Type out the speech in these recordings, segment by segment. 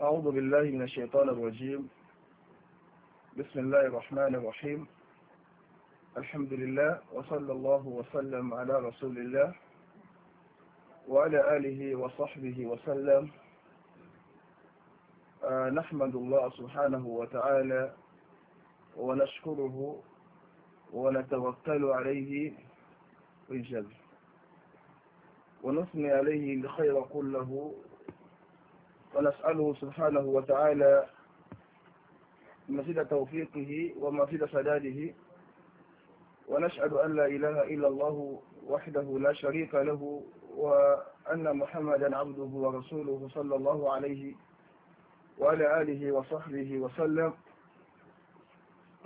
أعوذ بالله من الشيطان الرجيم بسم الله الرحمن الرحيم الحمد لله وصلى الله وسلم على رسول الله وعلى آله وصحبه وسلم آه، نحمد الله سبحانه وتعالى ونشكره ونتوكل عليه بالجبر ونثني عليه الخير كله ونسأله سبحانه وتعالى مزيد توفيقه ومزيد سداده ونشهد أن لا إله إلا الله وحده لا شريك له وأن محمدا عبده ورسوله صلى الله عليه وعلى آله وصحبه وسلم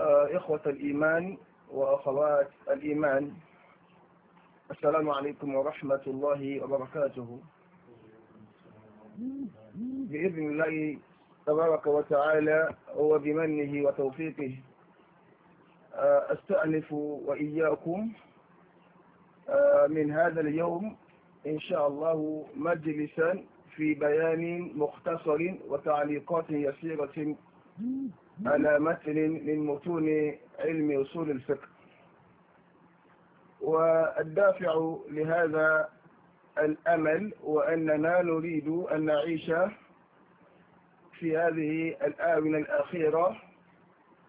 آه، إخوة الإيمان وأخوات الإيمان السلام عليكم ورحمة الله وبركاته بإذن الله تبارك وتعالى وبمنه وتوفيقه آه، أستأنف وإياكم آه، من هذا اليوم إن شاء الله مجلسا في بيان مختصر وتعليقات يسيرة على متن من متون علم أصول الفقه والدافع لهذا الأمل وأننا نريد أن نعيش في هذه الآونة الأخيرة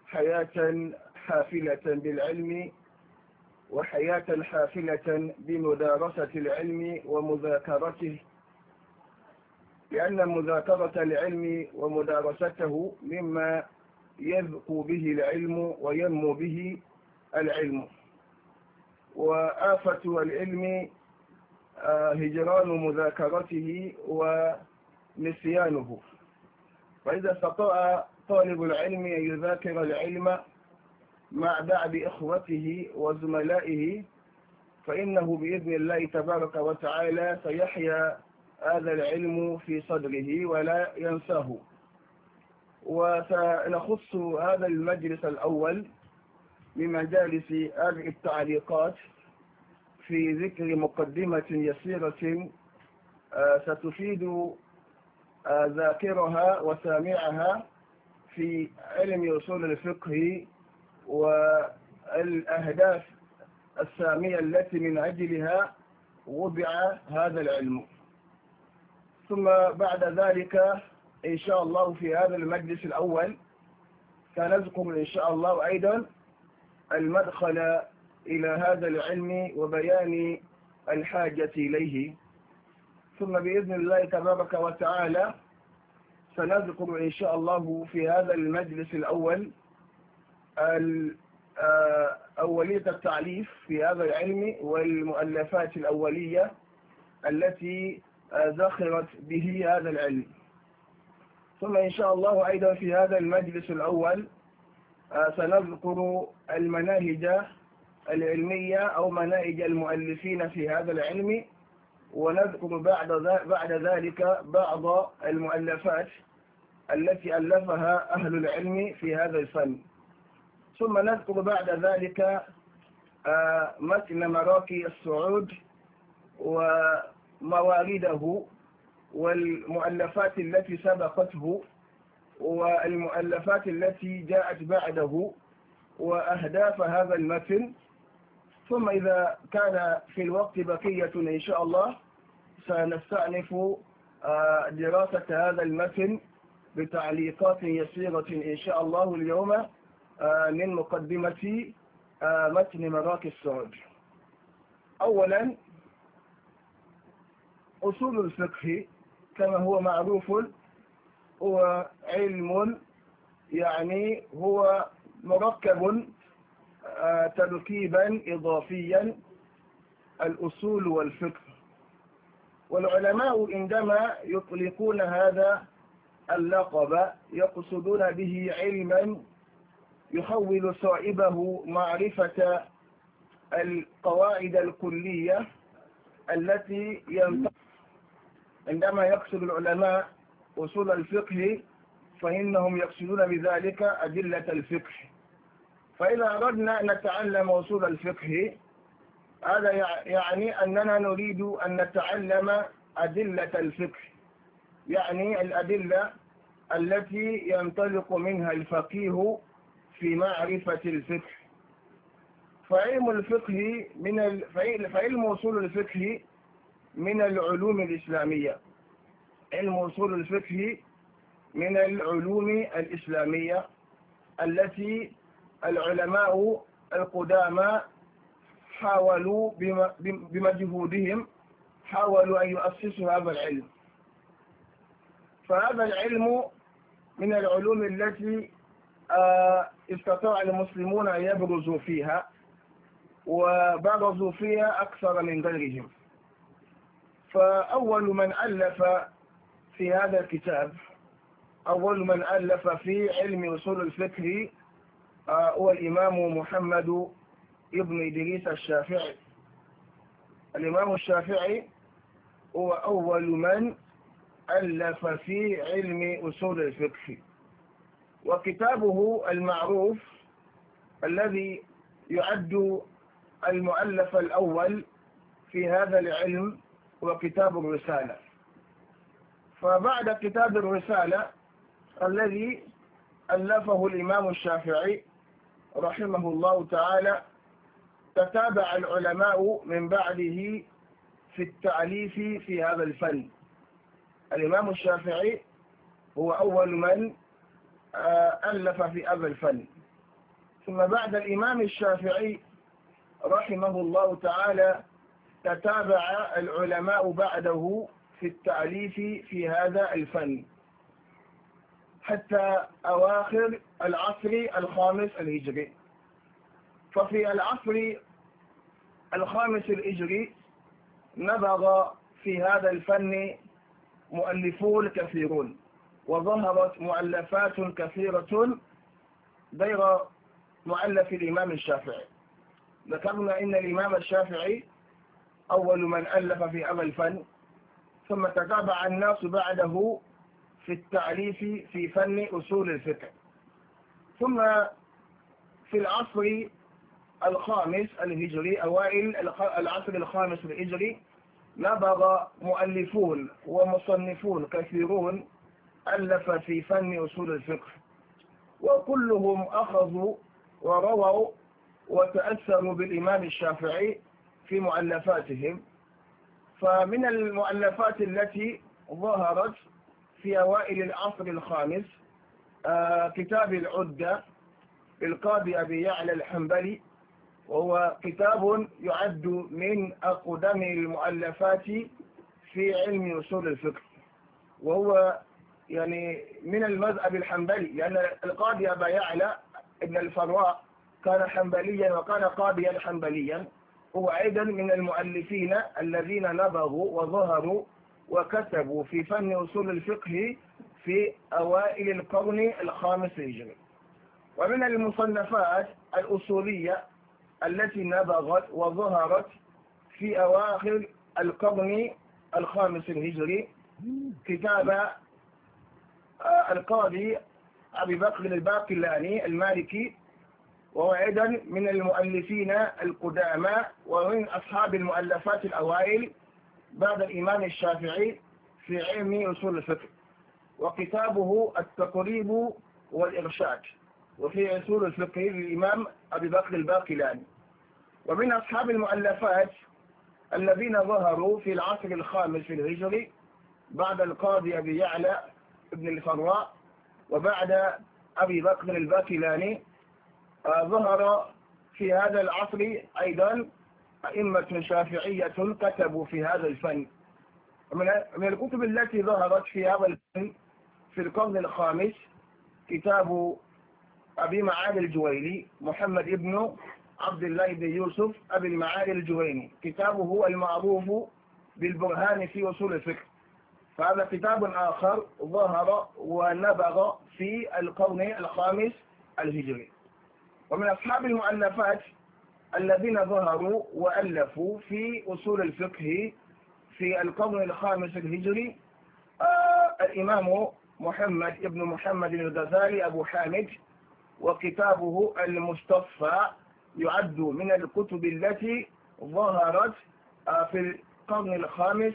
حياة حافلة بالعلم وحياة حافلة بمدارسة العلم ومذاكرته لأن مذاكرة العلم ومدارسته مما يذكو به العلم وينمو به العلم وآفة العلم هجران مذاكرته ونسيانه فإذا استطاع طالب العلم أن يذاكر العلم مع بعض إخوته وزملائه فإنه بإذن الله تبارك وتعالى سيحيا هذا العلم في صدره ولا ينساه وسنخص هذا المجلس الأول بمجالس هذه التعليقات في ذكر مقدمة يسيرة آه، ستفيد آه، ذاكرها وسامعها في علم أصول الفقه والأهداف السامية التي من أجلها وضع هذا العلم ثم بعد ذلك إن شاء الله في هذا المجلس الأول سنذكر إن شاء الله أيضا المدخل إلى هذا العلم وبيان الحاجة إليه ثم بإذن الله تبارك وتعالى سنذكر إن شاء الله في هذا المجلس الأول آه، أولية التعليف في هذا العلم والمؤلفات الأولية التي آه، ذخرت به هذا العلم ثم إن شاء الله أيضا في هذا المجلس الأول آه، سنذكر المناهج العلمية أو مناهج المؤلفين في هذا العلم ونذكر بعد بعد ذلك بعض المؤلفات التي ألفها أهل العلم في هذا الفن ثم نذكر بعد ذلك آه، متن مراكي السعود وموارده والمؤلفات التي سبقته والمؤلفات التي جاءت بعده وأهداف هذا المتن ثم إذا كان في الوقت بقية إن شاء الله سنستأنف آه، دراسة هذا المتن بتعليقات يسيرة إن شاء الله اليوم آه، من مقدمة آه، متن مراكز السعود أولا أصول الفقه كما هو معروف هو علم يعني هو مركب تركيبا إضافيا الأصول والفقه والعلماء عندما يطلقون هذا اللقب يقصدون به علما يحول صائبه معرفة القواعد الكلية التي عندما يقصد العلماء أصول الفقه فإنهم يقصدون بذلك أدلة الفقه فإذا أردنا أن نتعلم أصول الفقه هذا يعني أننا نريد أن نتعلم أدلة الفقه يعني الأدلة التي ينطلق منها الفقيه في معرفة الفقه فعلم الفقه من فعلم أصول الفقه من العلوم الإسلامية علم أصول الفقه من العلوم الإسلامية التي العلماء القدامى حاولوا بمجهودهم حاولوا أن يؤسسوا هذا العلم فهذا العلم من العلوم التي آه، استطاع المسلمون أن يبرزوا فيها وبرزوا فيها أكثر من غيرهم فأول من ألف في هذا الكتاب أول من ألف في علم أصول الفكر آه، هو الإمام محمد ابن إدريس الشافعي الإمام الشافعي هو أول من ألف في علم أصول الفقه وكتابه المعروف الذي يعد المؤلف الأول في هذا العلم هو كتاب الرسالة فبعد كتاب الرسالة الذي ألفه الإمام الشافعي رحمه الله تعالى تتابع العلماء من بعده في التأليف في هذا الفن الإمام الشافعي هو أول من آه، ألف في هذا الفن ثم بعد الإمام الشافعي رحمه الله تعالى تتابع العلماء بعده في التأليف في هذا الفن حتى أواخر العصر الخامس الهجري ففي العصر الخامس الهجري نبغ في هذا الفن مؤلفون كثيرون وظهرت مؤلفات كثيرة غير مؤلف الإمام الشافعي ذكرنا إن الإمام الشافعي أول من ألف في هذا الفن ثم تتابع الناس بعده في التعريف في فن أصول الفقه ثم في العصر الخامس الهجري أوائل العصر الخامس الهجري نبغ مؤلفون ومصنفون كثيرون ألف في فن أصول الفقه وكلهم أخذوا ورووا وتأثروا بالإمام الشافعي في مؤلفاتهم فمن المؤلفات التي ظهرت في أوائل العصر الخامس آه، كتاب العدة للقاضي أبي يعلى الحنبلي وهو كتاب يعد من أقدم المؤلفات في علم أصول الفقه وهو يعني من المذهب الحنبلي لأن يعني القاضي أبا يعلى ابن الفراء كان حنبليا وكان قاضيا حنبليا هو أيضا من المؤلفين الذين نبغوا وظهروا وكتبوا في فن أصول الفقه في أوائل القرن الخامس الهجري ومن المصنفات الأصولية التي نبغت وظهرت في أواخر القرن الخامس الهجري كتاب آه، القاضي أبي بكر الباقلاني المالكي وهو أيضا من المؤلفين القدامى ومن أصحاب المؤلفات الأوائل بعد الإمام الشافعي في علم أصول الفقه وكتابه التقريب والإرشاد وفي أصول الفقه للإمام أبي بكر الباقلاني ومن أصحاب المؤلفات الذين ظهروا في العصر الخامس في الهجري بعد القاضي أبي يعلى ابن الفراء وبعد أبي بكر الباقلاني آه، ظهر في هذا العصر أيضا أئمة شافعية كتبوا في هذا الفن من الكتب التي ظهرت في هذا الفن في القرن الخامس كتاب أبي معالي الجويني محمد ابن عبد الله بن يوسف أبي المعالي الجويني كتابه هو المعروف بالبرهان في أصول الفقه فهذا كتاب آخر ظهر ونبغ في القرن الخامس الهجري ومن أصحاب المؤلفات الذين ظهروا وألفوا في أصول الفقه في القرن الخامس الهجري آه، الإمام محمد ابن محمد الغزالي أبو حامد وكتابه المصطفى يعد من الكتب التي ظهرت آه، في القرن الخامس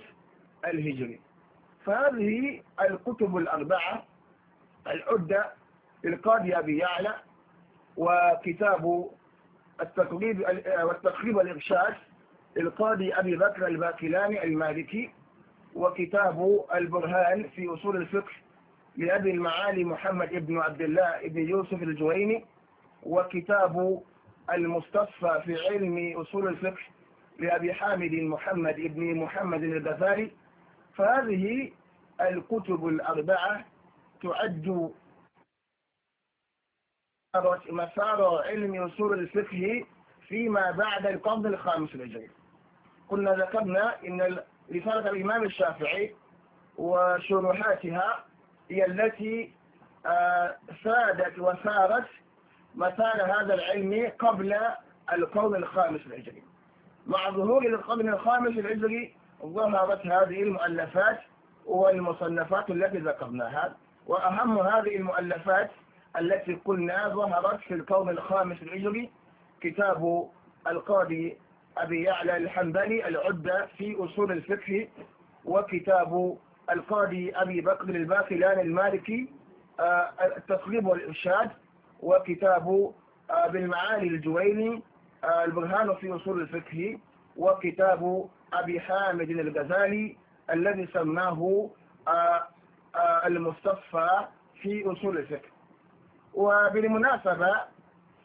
الهجري فهذه الكتب الأربعة العدة للقاضي أبي يعلى وكتاب التقريب آه، والتقريب والإرشاد للقاضي أبي بكر الباقلاني المالكي وكتاب البرهان في أصول الفقه لأبي المعالي محمد بن عبد الله بن يوسف الجويني وكتاب المستصفى في علم أصول الفقه لأبي حامد محمد بن محمد الغفاري فهذه الكتب الأربعة تعد مسار علم أصول الفقه فيما بعد القرن الخامس الهجري كنا ذكرنا أن رسالة الإمام الشافعي وشروحاتها هي التي سادت آه، وسارت مسار هذا العلم قبل القرن الخامس الهجري مع ظهور القرن الخامس الهجري ظهرت هذه المؤلفات والمصنفات التي ذكرناها وأهم هذه المؤلفات التي قلنا ظهرت في القوم الخامس الهجري كتاب القاضي أبي يعلى الحنبلي العدة في أصول الفقه وكتاب القاضي أبي بكر الباقلان المالكي آه، التصليب والإرشاد وكتاب آه، بالمعالي الجويني آه، البرهان في أصول الفقه وكتاب أبي حامد الغزالي الذي سماه المصطفى في أصول الفقه وبالمناسبة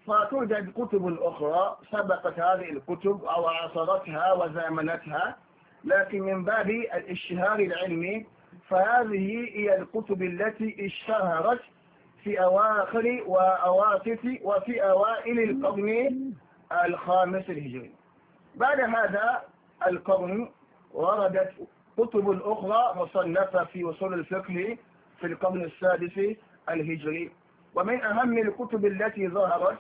فتوجد كتب أخرى سبقت هذه الكتب أو عاصرتها وزامنتها لكن من باب الاشتهار العلمي فهذه هي الكتب التي اشتهرت في أواخر وأواسط وفي أوائل القرن الخامس الهجري بعد هذا القرن وردت كتب أخرى مصنفة في وصول الفقه في القرن السادس الهجري ومن أهم الكتب التي ظهرت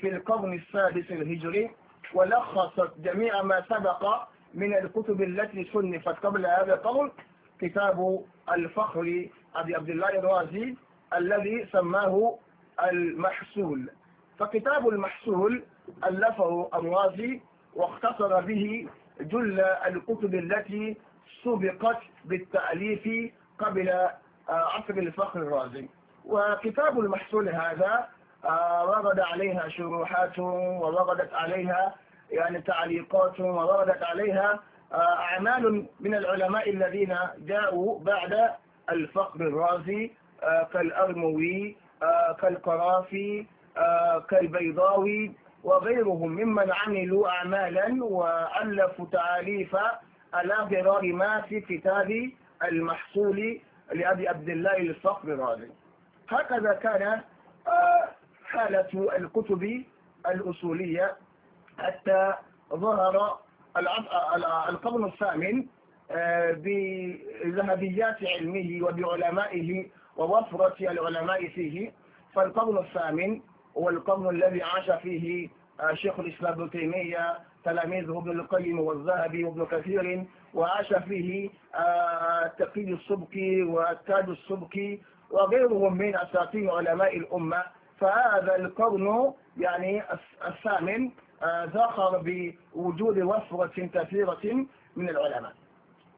في القرن السادس الهجري ولخصت جميع ما سبق من الكتب التي صنفت قبل هذا القرن كتاب الفخر أبي عبد الله الرازي الذي سماه المحسول فكتاب المحسول ألفه الرازي واختصر به جل الكتب التي سبقت بالتأليف قبل آه، عصر الفخر الرازي وكتاب المحصول هذا آه، ورد عليها شروحات وردت عليها يعني تعليقات وردت عليها آه، أعمال من العلماء الذين جاءوا بعد الفقر الرازي آه، كالأرموي كالقرافي كالبيضاوي وغيرهم ممن عملوا أعمالا وألفوا تعاليف على غرار ما في كتاب المحصول لأبي عبد الله الفقر الرازي هكذا كان آه، حالة الكتب الأصولية حتى ظهر القرن الثامن آه، بذهبيات علمه وبعلمائه ووفرة العلماء فيه فالقرن الثامن هو القرن الذي عاش فيه آه، شيخ الإسلام ابن تيمية تلاميذه ابن القيم والذهبي وابن كثير وعاش فيه تقي السبكي والتاج السبكي وغيرهم من أساطير علماء الأمة فهذا القرن يعني الثامن آه، ذخر بوجود وفرة كثيرة من العلماء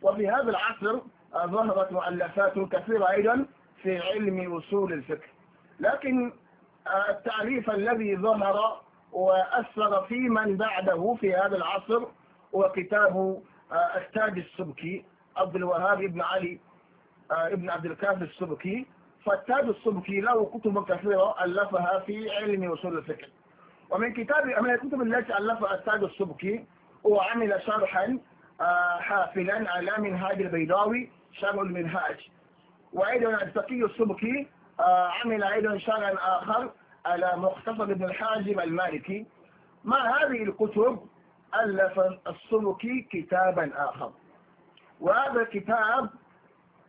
وفي هذا العصر آه، ظهرت مؤلفات كثيرة أيضا في علم أصول الفقه لكن آه، التعريف الذي ظهر وأثر في من بعده في هذا العصر هو كتاب التاج السبكي عبد الوهاب بن علي ابن عبد الكافي السبكي فالتاج السبكي له كتب كثيرة ألفها في علم وصول الفكر ومن كتاب من الكتب التي ألفها التاج السبكي وعمل شرحا آه، حافلا على منهاج البيضاوي شرح المنهاج وأيضا التقي السبكي آه، عمل أيضا شرحا آخر على مختصر ابن الحاجب المالكي مع هذه الكتب ألف السبكي كتابا آخر وهذا الكتاب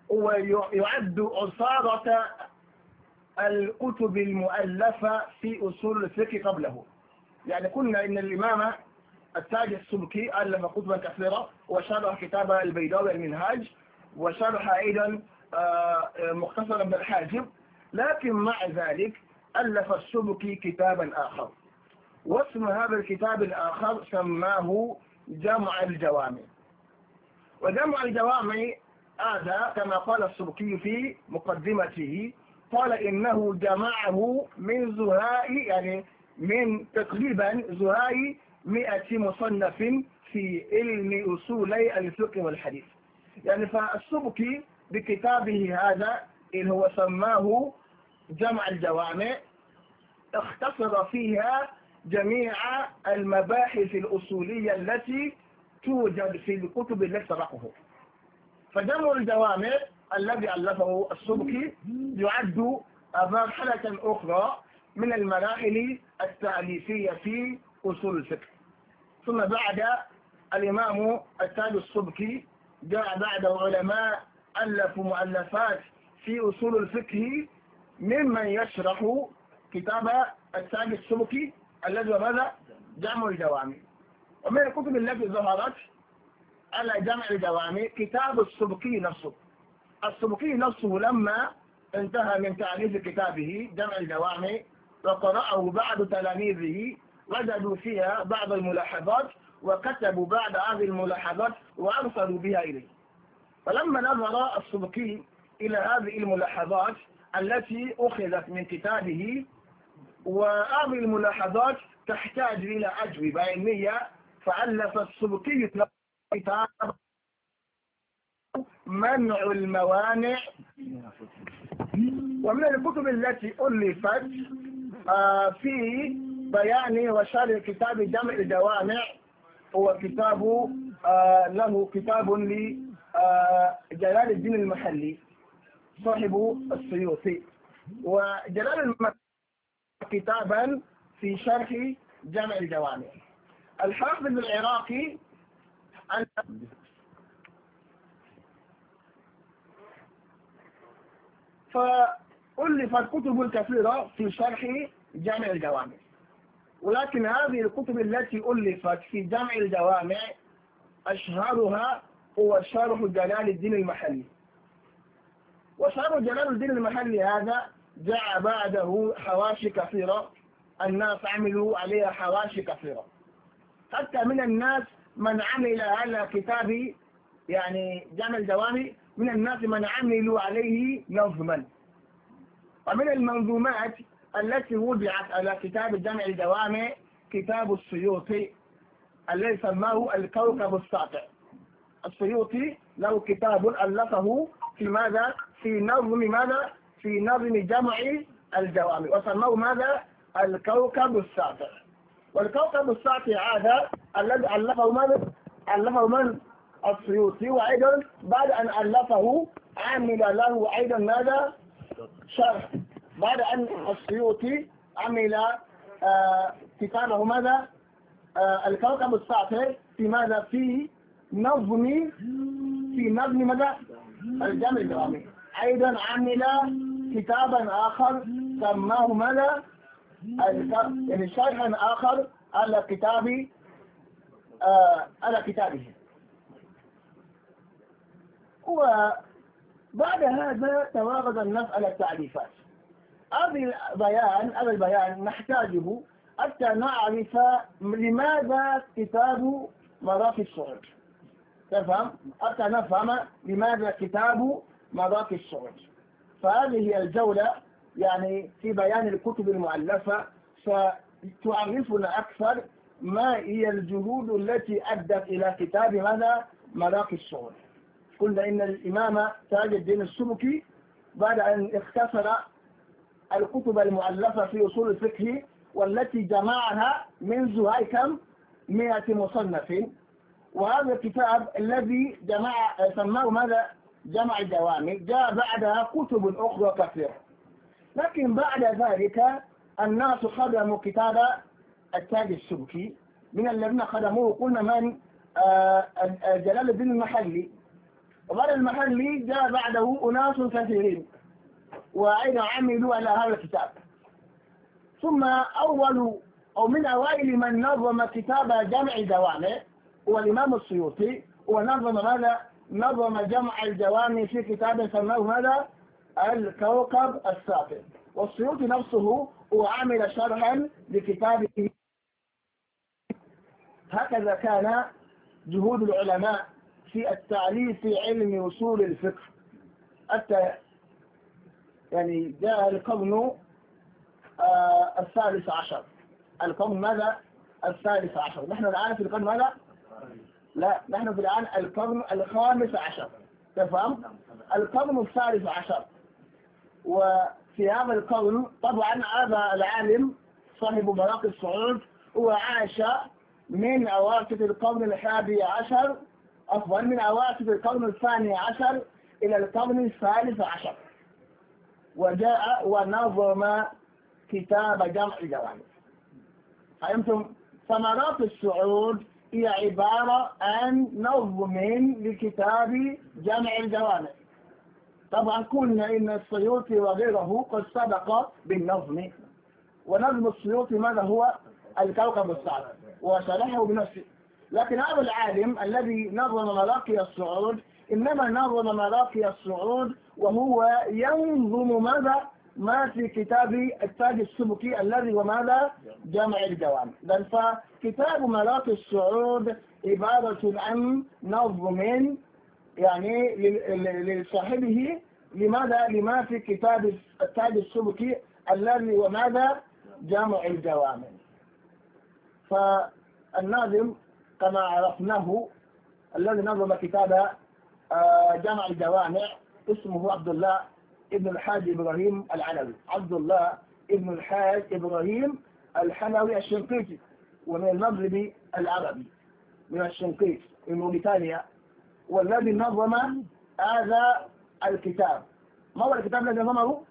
ويعد عصارة الكتب المؤلفة في أصول الفقه قبله يعني قلنا إن الإمام التاج السبكي ألف كتبا كثيرة وشرح كتاب البيضاوي المنهاج وشرح أيضا آه، مختصر ابن الحاجب لكن مع ذلك ألف السبكي كتابا آخر واسم هذا الكتاب الآخر سماه جمع الجوامع وجمع الجوامع هذا كما قال السبكي في مقدمته قال إنه جمعه من زهاء يعني من تقريبا زهاء مئة مصنف في علم أصولي الفقه والحديث يعني فالسبكي بكتابه هذا اللي هو سماه جمع الجوامع اختصر فيها جميع المباحث الأصولية التي توجد في الكتب التي سبقه فجمع الجوامع الذي ألفه السبكي يعد مرحلة أخرى من المراحل التأليفية في أصول الفقه ثم بعد الإمام التاج السبكي جاء بعده علماء ألفوا مؤلفات في أصول الفقه ممن يشرح كتاب التاج السبكي الذي ماذا؟ جمع الجوامع ومن الكتب التي ظهرت على جمع دوامي كتاب السبكي نفسه السبكي نفسه لما انتهى من تعريف كتابه جمع الجوامع وقرأه بعض تلاميذه وجدوا فيها بعض الملاحظات وكتبوا بعض هذه الملاحظات وأرسلوا بها إليه فلما نظر السبكي إلى هذه الملاحظات التي أخذت من كتابه وهذه الملاحظات تحتاج إلى أجوبة علمية فألف السبكي كتاب منع الموانع ومن الكتب التي ألفت آه، في بيان وشرح كتاب جمع الجوامع هو كتاب آه، له كتاب لجلال آه، الدين المحلي صاحب السيوطي وجلال المحلي كتابا في شرح جمع الجوامع الحافظ العراقي فألفت كتب كثيرة في شرح جامع الجوامع ولكن هذه الكتب التي ألفت في جمع الجوامع أشهرها هو شرح جلال الدين المحلي وشرح جلال الدين المحلي هذا جاء بعده حواشي كثيرة الناس عملوا عليها حواشي كثيرة حتى من الناس من عمل على كتاب يعني جامع الجوامع من الناس من عملوا عليه نظما ومن المنظومات التي وضعت على كتاب جامع الجوامع كتاب السيوطي الذي سماه الكوكب الساطع السيوطي له كتاب ألفه في ماذا؟ في نظم ماذا؟ في نظم جمع الجوامع وسموه ماذا؟ الكوكب الساطع والكوكب الساطع هذا الذي ألفه من؟ ألفه من؟ السيوطي وأيضا بعد أن ألفه عمل له أيضا ماذا؟ شرح بعد أن السيوطي عمل آه، كتابه ماذا؟ آه، الكوكب الساطر في ماذا؟ في نظم في نظم ماذا؟ الجامع الدرامي أيضا عمل كتابا آخر سماه ماذا؟ يعني شرحا آخر على كتابي آه، على كتابه وبعد هذا توارد النص على التعريفات هذا البيان هذا البيان نحتاجه حتى نعرف لماذا كتاب مراقي الصعود تفهم حتى نفهم لماذا كتاب مراقي الصعود فهذه هي الجولة يعني في بيان الكتب المؤلفة ستعرفنا أكثر ما هي الجهود التي أدت إلى كتاب هذا ملاك الصور قلنا إن الإمام تاج الدين السبكي بعد أن اختصر الكتب المؤلفة في أصول الفقه والتي جمعها منذ هاي كم مئة مصنف وهذا الكتاب الذي جمع سماه ماذا جمع الجوامع جاء بعدها كتب أخرى كثيرة لكن بعد ذلك الناس خدموا كتاب التاج السبكي من الذين خدموه قلنا من آه، آه، جلال الدين المحلي وبعد المحلي جاء بعده أناس كثيرين وأين عملوا على هذا الكتاب ثم أول أو من أوائل من نظم كتاب جمع الجوامع هو الإمام السيوطي ونظم ماذا؟ نظم جمع الجوامع في كتاب سماه ماذا؟ الكوكب الساطع والسيوطي نفسه هو عمل شرحا لكتابه هكذا كان جهود العلماء في التعليف في علم أصول الفقه حتى يعني جاء القرن آه الثالث عشر القرن ماذا؟ الثالث عشر نحن الآن في القرن ماذا؟ لا نحن في الآن القرن الخامس عشر تفهم؟ القرن الثالث عشر وفي هذا القرن طبعا هذا العالم صاحب مراقب الصعود هو عاش من أواسط القرن الحادي عشر عفوا من أواسط القرن الثاني عشر إلى القرن الثالث عشر وجاء ونظم كتاب جمع الجوانب فهمتم ثمرات السعود هي عبارة عن نظم لكتاب جمع الجوانب طبعا قلنا إن السيوطي وغيره قد سبق بالنظم ونظم السيوطي ماذا هو الكوكب الثالث وصلحه بنفسه لكن هذا العالم الذي نظم ملاقي الصعود إنما نظم ملاقي الصعود وهو ينظم ماذا ما في كتاب التاج السبكي الذي وماذا جمع الجوامع بل فكتاب ملاقي الصعود عبارة عن نظم يعني لصاحبه لماذا لما في كتاب التاج السبكي الذي وماذا جمع الجوامع فالناظم كما عرفناه الذي نظم كتاب آه، جمع الجوامع اسمه عبد الله ابن الحاج إبراهيم العلوي عبد الله ابن الحاج إبراهيم الحنوي الشنقيطي ومن المغرب العربي من الشنقيط من موريتانيا والذي نظم هذا الكتاب ما هو الكتاب الذي نظمه؟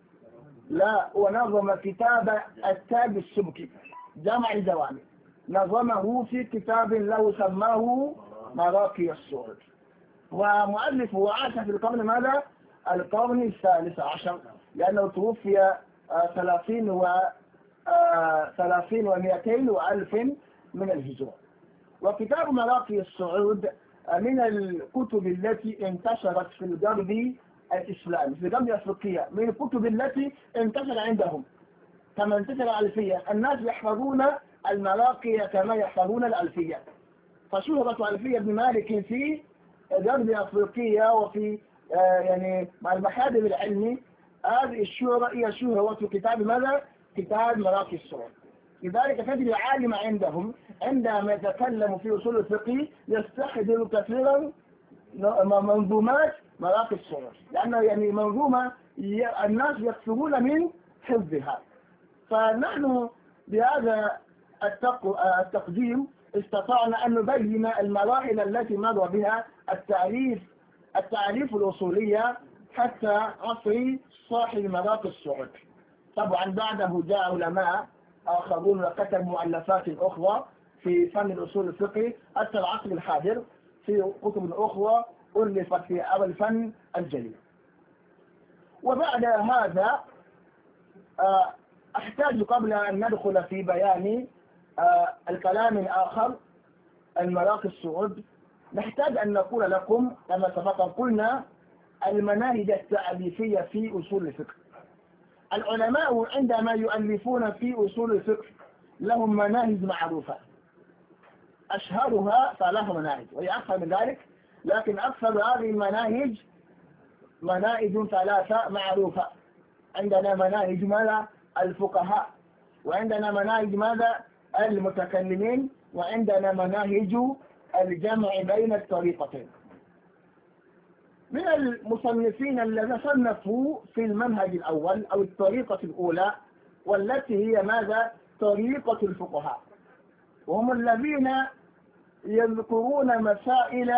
لا ونظم كتاب التاج السبكي جمع الجوامع نظمه في كتاب له سماه مراقي الصور ومؤلفه عاش في القرن ماذا؟ القرن الثالث عشر لأنه توفي آه، ثلاثين و آه، ثلاثين ومئتين وألف من الهجرة وكتاب مراقي السعود آه، من الكتب التي انتشرت في الغرب الإسلامي في الغرب الأفريقية من الكتب التي انتشر عندهم كما انتشر الألفية الناس يحفظون المراقي كما يحفظون الألفية فشهرة ألفية بن مالك في غرب أفريقيا وفي آه، يعني مع المحادب العلمي هذه الشهرة هي شهرة كتاب ماذا؟ كتاب مراقي السور لذلك تجد العالم عندهم عندما يتكلم في أصول الفقه يستحضر كثيرا منظومات مراقي السور لأنه يعني منظومة الناس يكثرون من حفظها فنحن بهذا التقديم استطعنا أن نبين المراحل التي مر بها التعريف التعريف الأصولية حتى عصر صاحب المذاق الصعود طبعا بعده جاء علماء آخرون وكتب مؤلفات أخرى في فن الأصول الفقهي حتى العصر الحاضر في كتب أخرى ألفت في هذا الفن الجليل وبعد هذا آه، أحتاج قبل أن ندخل في بيان آه، الكلام الآخر المراقي الصعود نحتاج أن نقول لكم كما سبق قلنا المناهج التأليفية في أصول الفقه العلماء عندما يؤلفون في أصول الفقه لهم مناهج معروفة أشهرها ثلاث مناهج وهي أكثر من ذلك لكن أكثر هذه المناهج مناهج ثلاثة معروفة عندنا مناهج ماذا؟ الفقهاء وعندنا مناهج ماذا؟ المتكلمين وعندنا مناهج الجمع بين الطريقتين من المصنفين الذين صنفوا في المنهج الأول أو الطريقة الأولى والتي هي ماذا؟ طريقة الفقهاء وهم الذين يذكرون مسائل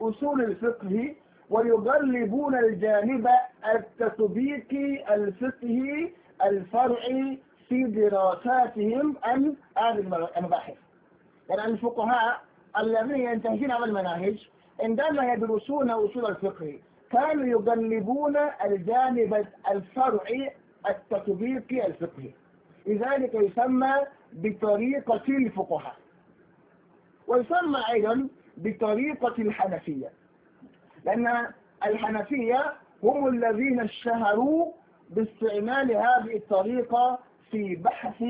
أصول الفقه ويغلبون الجانب التطبيقي الفقهي الفرعي في دراساتهم عن هذه المباحث يعني الفقهاء الذين ينتهجون على المناهج عندما يدرسون أصول الفقه كانوا يقلبون الجانب الفرعي التطبيقي الفقهي لذلك يسمى بطريقة الفقهاء ويسمى أيضا بطريقة الحنفية لأن الحنفية هم الذين اشتهروا باستعمال هذه الطريقة في بحث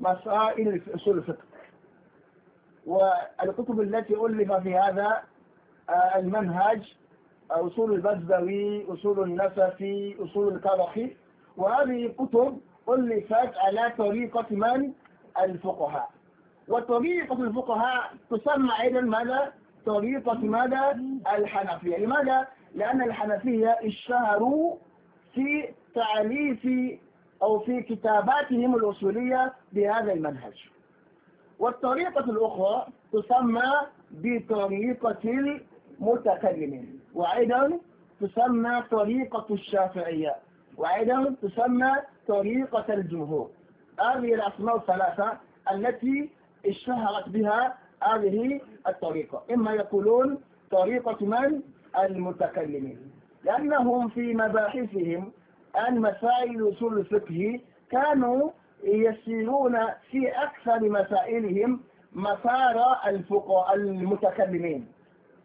مسائل أصول الفقه والكتب التي ألف في هذا آه، المنهج آه، أصول البزوي أصول النسفي أصول الكرخي وهذه كتب ألفت على طريقة من؟ الفقهاء وطريقة الفقهاء تسمى أيضا ماذا؟ طريقة ماذا؟ الحنفية لماذا؟ لأن الحنفية اشتهروا في تعريف أو في كتاباتهم الأصولية بهذا المنهج والطريقة الأخرى تسمى بطريقة المتكلمين وأيضا تسمى طريقة الشافعية وأيضا تسمى طريقة الجمهور هذه الأسماء الثلاثة التي اشتهرت بها هذه الطريقة إما يقولون طريقة من؟ المتكلمين لأنهم في مباحثهم أن مسائل أصول الفقه كانوا يسيرون في أكثر مسائلهم مسار الفقهاء المتكلمين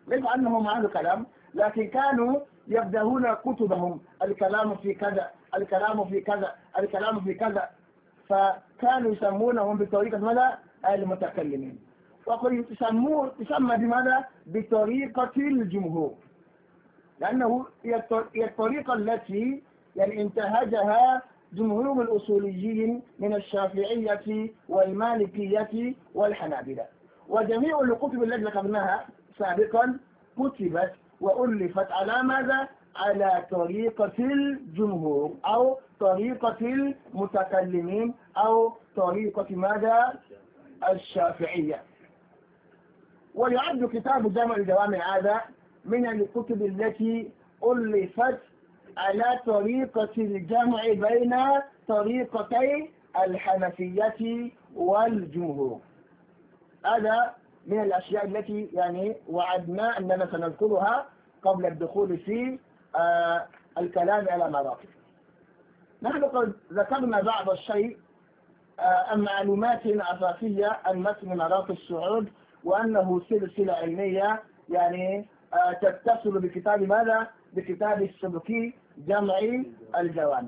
ليس أنهم هذا الكلام لكن كانوا يبدأون كتبهم الكلام في كذا الكلام في كذا الكلام في كذا فكانوا يسمونهم بطريقة ماذا؟ المتكلمين وقد تسمون تسمى بماذا؟ بطريقة الجمهور لأنه هي الطريقة التي يعني انتهجها جمهور الأصوليين من الشافعية والمالكية والحنابلة وجميع الكتب التي ذكرناها سابقا كتبت وألفت على ماذا؟ على طريقة الجمهور أو طريقة المتكلمين أو طريقة ماذا؟ الشافعية ويعد كتاب جامع الجوامع هذا من الكتب التي ألفت على طريقة الجمع بين طريقتي الحنفية والجمهور هذا من الأشياء التي يعني وعدنا أننا سنذكرها قبل الدخول في آه الكلام على مراتب نحن قد ذكرنا بعض الشيء آه معلومات أساسية عن متن مراقب السعود وأنه سلسلة علمية يعني آه تتصل بكتاب ماذا؟ بكتاب السبكي جمع الجوامع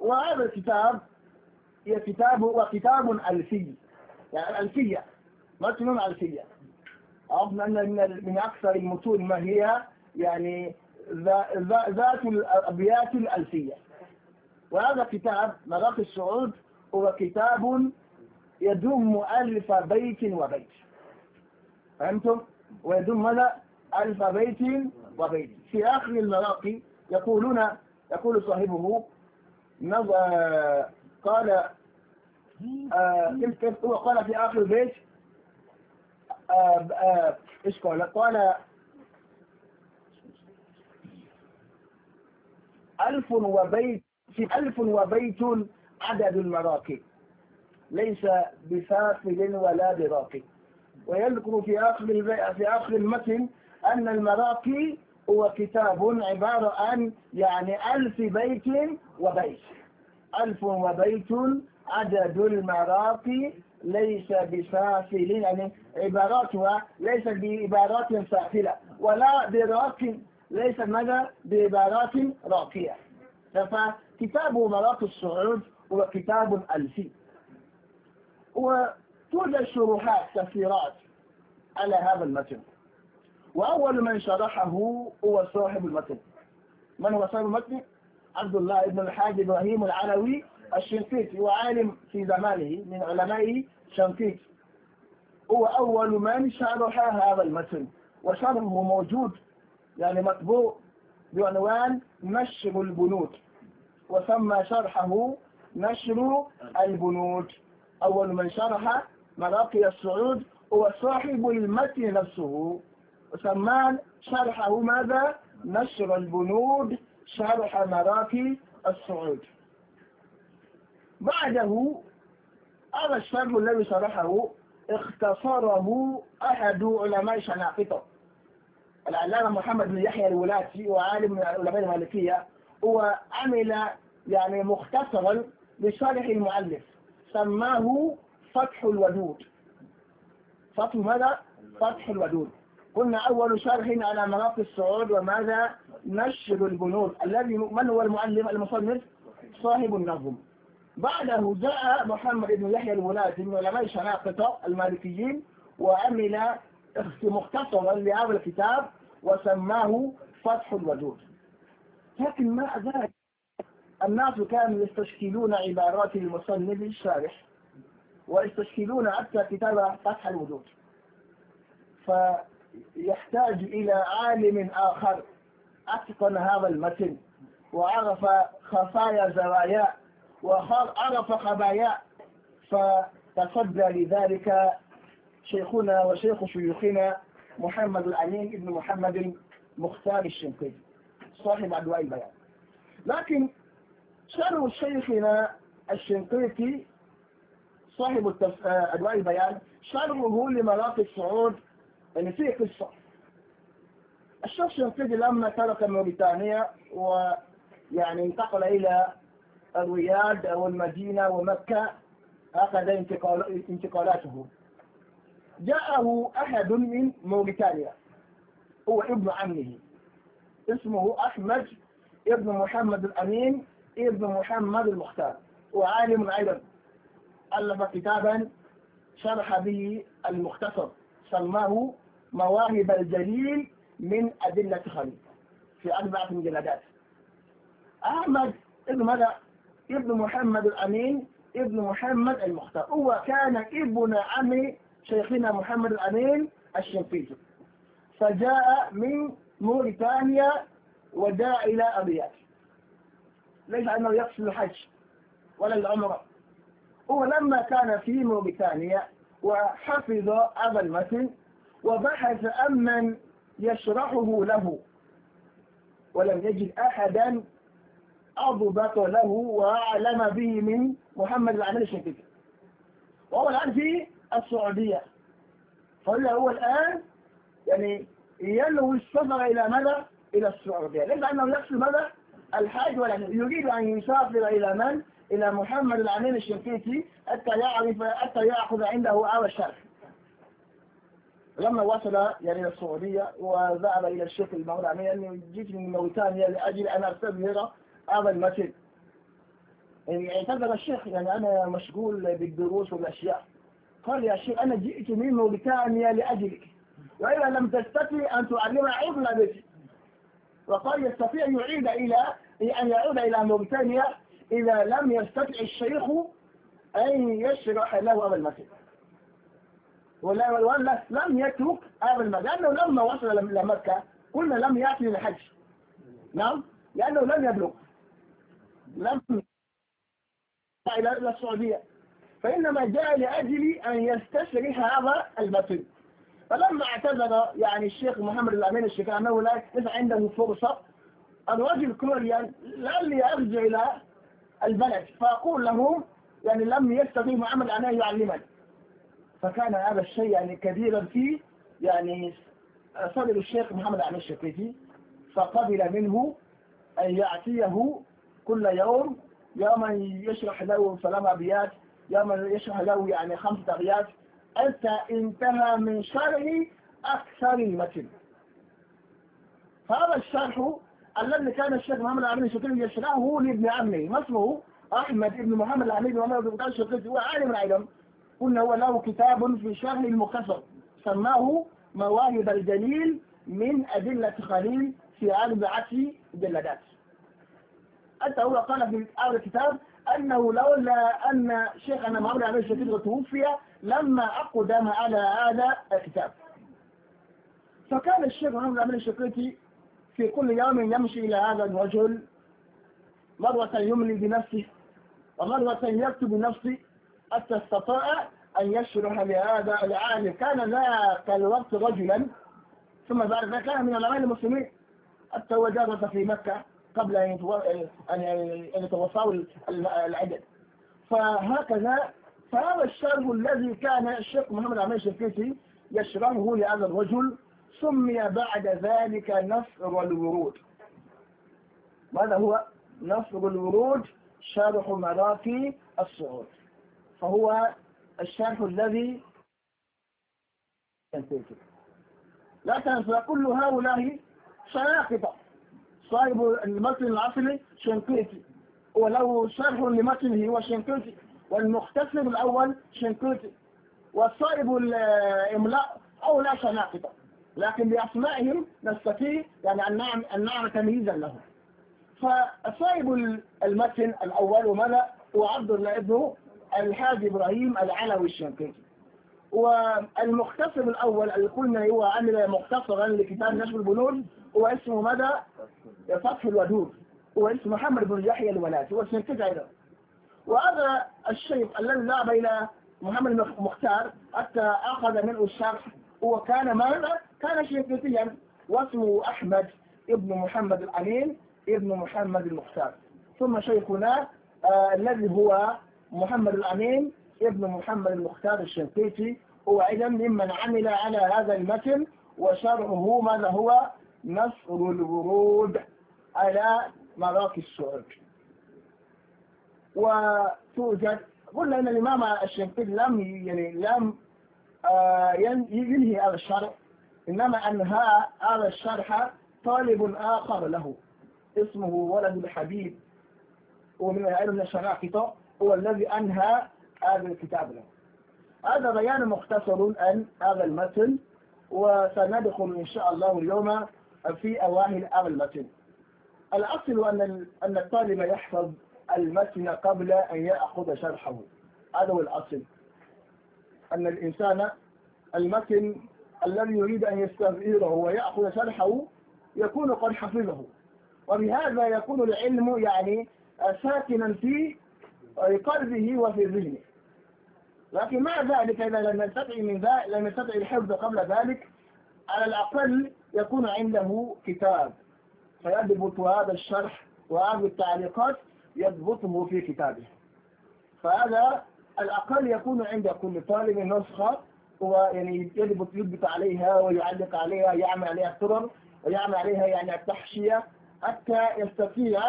وهذا الكتاب هي كتاب هو كتاب ألفي يعني ألفية متن ألفية عرفنا أن من, من أكثر المتون ما هي يعني ذات الأبيات الألفية وهذا كتاب مراق السعود هو كتاب يدوم ألف بيت وبيت فهمتم؟ ويدوم ماذا؟ ألف بيت وبيت في آخر المراقي يقولون يقول صاحبه قال آه، هو قال في آخر البيت آه، آه، إيش قال قال ألف وبيت في ألف وبيت عدد المراقي ليس بفاصل ولا براقي ويذكر في آخر في آخر المتن أن المراقي هو كتاب عبارة عن يعني ألف بيت وبيت ألف وبيت عدد المراقي ليس بسافل يعني عباراتها ليست بعبارات سافلة ولا براق ليس ماذا بعبارات راقية فكتاب مراقي الصعود هو كتاب ألفي وتوجد شروحات تفسيرات على هذا المتن وأول من شرحه هو صاحب المتن من هو صاحب المتن؟ عبد الله بن الحاج إبراهيم العلوي الشنقيطي وعالم في زمانه من علماء شنقيط هو أول من شرح هذا المتن وشرحه موجود يعني مطبوع بعنوان نشر البنود وسمى شرحه نشر البنود أول من شرح مراقي السعود هو صاحب المتن نفسه ثمان شرحه ماذا نشر البنود شرح مراكي الصعود بعده هذا الشرح الذي شرحه اختصره أحد علماء شناقطة العلامة محمد بن يحيى الولاتي وعالم من علماء المالكية هو عمل يعني مختصرا لشرح المؤلف سماه فتح الودود فتح ماذا؟ فتح الودود قلنا أول شرح على مناط الصعود وماذا نشر البنود الذي من هو المعلم المصنف صاحب النظم بعده جاء محمد بن يحيى الملازم من علماء شناقطة المالكيين وعمل مختصرا لهذا الكتاب وسماه فتح الوجود لكن مع ذلك الناس كانوا يستشكلون عبارات المصنف الشارح ويستشكلون حتى كتاب فتح الوجود ف يحتاج إلى عالم آخر أتقن هذا المتن وعرف خفايا زوايا وعرف خبايا فتصدى لذلك شيخنا وشيخ شيوخنا محمد الأمين ابن محمد المختار الشنقيطي صاحب أدواء البيان لكن شر شيخنا الشنقيطي صاحب أدواء آه، البيان شره لمناطق سعود أن فيه قصة الشخص ينتقل لما ترك موريتانيا ويعني انتقل إلى الرياض أو المدينة ومكة هكذا انتقالاته جاءه أحد من موريتانيا هو ابن عمه اسمه أحمد ابن محمد الأمين ابن محمد المختار وعالم أيضا ألف كتابا شرح به المختصر سماه مواهب الجليل من أدلة خليل في أربعة مجلدات أحمد ابن ماذا؟ ابن محمد الأمين ابن محمد المختار هو كان ابن عم شيخنا محمد الأمين الشنقيطي فجاء من موريتانيا وجاء إلى الرياض ليس أنه يقصد الحج ولا العمرة هو لما كان في موريتانيا وحفظ أبا المتن وبحث أمن يشرحه له ولم يجد أحدا أضبط له وأعلم به من محمد العمل الشنكيكي وهو الآن في السعودية فهلا هو الآن يعني ينوي السفر إلى ماذا؟ إلى السعودية ليس أنه يقصد ماذا؟ الحاج ولا يريد أن يسافر إلى من؟ إلى محمد العميل الشنكيكي حتى يعرف حتى يأخذ عنده أول الشرح لما وصل يعني إلى السعودية وذهب إلى الشيخ المولاني أنه يعني جئت من موريتانيا لأجل أن أستظهر هذا المسجد يعني اعتذر الشيخ يعني أنا مشغول بالدروس والأشياء قال يا شيخ أنا جئت من موريتانيا لأجلك وإذا لم تستطع أن تعلم عظنا بك وقال يستطيع أن يعيد إلى أن يعود إلى موريتانيا إذا لم يستطع الشيخ أن يشرح له هذا المسجد لم يترك هذا المال لأنه لما وصل إلى مكة قلنا لم يأتي للحج نعم لأنه لم يبلغ لم إلى السعودية فإنما جاء لأجل أن يستشرح هذا البطل فلما اعتذر يعني الشيخ محمد الأمين الشيخ أنه لا ليس عنده فرصة الرجل كوريا لعلي أرجع إلى البلد فأقول له يعني لم يستطيع محمد أن يعلمني فكان هذا الشيء يعني كبيرا في يعني صدر الشيخ محمد علي الشقيقي فقبل منه أن يأتيه كل يوم يوما يشرح له سلام أبيات يوما يشرح له يعني خمسة أبيات أنت انتهى من شرح أكثر المتن هذا الشرح الذي كان الشيخ محمد العميد الشقيقي يشرحه لابن عمه ما اسمه أحمد بن محمد العميد محمد بن الشقيقي هو عالم العلم قلنا هو له كتاب في شرح المختصر سماه مواهب الجليل من أدلة خليل في أربعة جلدات حتى هو قال في هذا الكتاب أنه لولا أن شيخنا مولى عليه الشفيق توفي لما أقدم على هذا الكتاب فكان الشيخ مولى عليه الشفيق في كل يوم يمشي إلى هذا الرجل مرة يملي بنفسه ومرة يكتب بنفسه حتى استطاع أن يشرح لهذا العالم كان ذاك الوقت رجلا ثم بعد ذلك كان من العلماء المسلمين حتى وجرس في مكة قبل أن يتوصاوا العدد فهكذا فهذا الشرح الذي كان الشيخ محمد عمير الشركيسي يشرحه لهذا الرجل سمي بعد ذلك نصر الورود ماذا هو نصر الورود شرح مراكي الصعود فهو الشرح الذي لا تنسى كل هؤلاء شناقطة صاحب المتن العصري شنقيطي وله شرح لمتنه هو شنقيطي والمختصر الأول شنقيطي والصائب الإملاء أو لا شناقطة لكن بأسمائهم نستطيع يعني أن نعمل, أن نعمل تمييزا لهم فصاحب المتن الأول وماذا هو عبد الله ابن الحاج إبراهيم العلوي الشنقيطي والمختصر الأول اللي قلنا هو عمل مختصرا لكتاب نشر البنون هو اسمه ماذا؟ فتح الودود هو اسمه محمد بن يحيى الولاتي هو الشنقيطي أيضا وهذا الشيخ الذي ذهب إلى محمد المختار حتى أخذ منه الشرح هو كان ماذا؟ كان شنقيطيا واسمه أحمد ابن محمد الأمين ابن محمد المختار ثم شيخنا آه الذي هو محمد الأمين ابن محمد المختار الشنقيطي هو إذا ممن عمل على هذا المتن وشرحه ماذا هو نصر الورود على مراكز السعود وتوجد قلنا ان الامام الشنقيطي لم يعني لم آه ينهي هذا الشرح انما انهى هذا الشرح طالب اخر له اسمه ولد الحبيب ومن ايضا الشناقطه هو الذي أنهى هذا الكتاب له هذا بيان مختصر عن هذا المتن وسندخل إن شاء الله اليوم في أواهل هذا المتن الأصل أن أن الطالب يحفظ المتن قبل أن يأخذ شرحه هذا هو الأصل أن الإنسان المتن الذي يريد أن يستغيره ويأخذ شرحه يكون قد حفظه وبهذا يكون العلم يعني ساكنا في قلبه وفي ذهنه لكن مع ذلك إذا لم يستطع من ذلك لم يستطع الحفظ قبل ذلك على الأقل يكون عنده كتاب فيضبط هذا الشرح وهذه التعليقات يضبطه في كتابه فهذا الأقل يكون عند كل طالب نسخة هو يعني يضبط يضبط عليها ويعلق عليها يعمل عليها الطرر ويعمل عليها يعني التحشية حتى يستطيع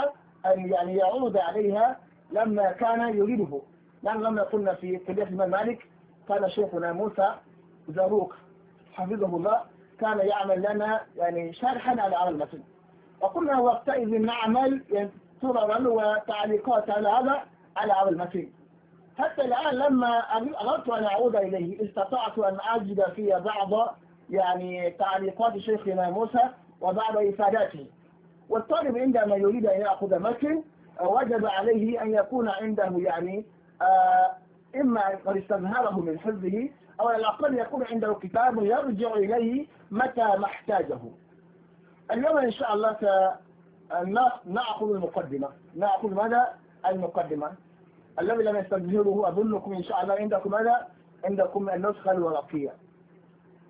أن يعني يعود عليها لما كان يريده نحن لما قلنا في كلية الإمام مالك كان شيخنا موسى زاروك حفظه الله كان يعمل لنا يعني شرحا على هذا المتن وقلنا وقتئذ نعمل صورا وتعليقات على هذا على هذا المتن حتى الآن لما أردت أن أعود إليه استطعت أن أجد في بعض يعني تعليقات شيخنا موسى وبعض إفاداته والطالب عندما يريد أن يأخذ متن وجب عليه أن يكون عنده يعني آه، إما قد استظهره من حفظه أو على الأقل يكون عنده كتاب يرجع إليه متى ما احتاجه اليوم إن شاء الله نأخذ المقدمة نأخذ ماذا؟ المقدمة الذي لم يستظهره أظنكم إن شاء الله عندكم ماذا؟ عندكم النسخة الورقية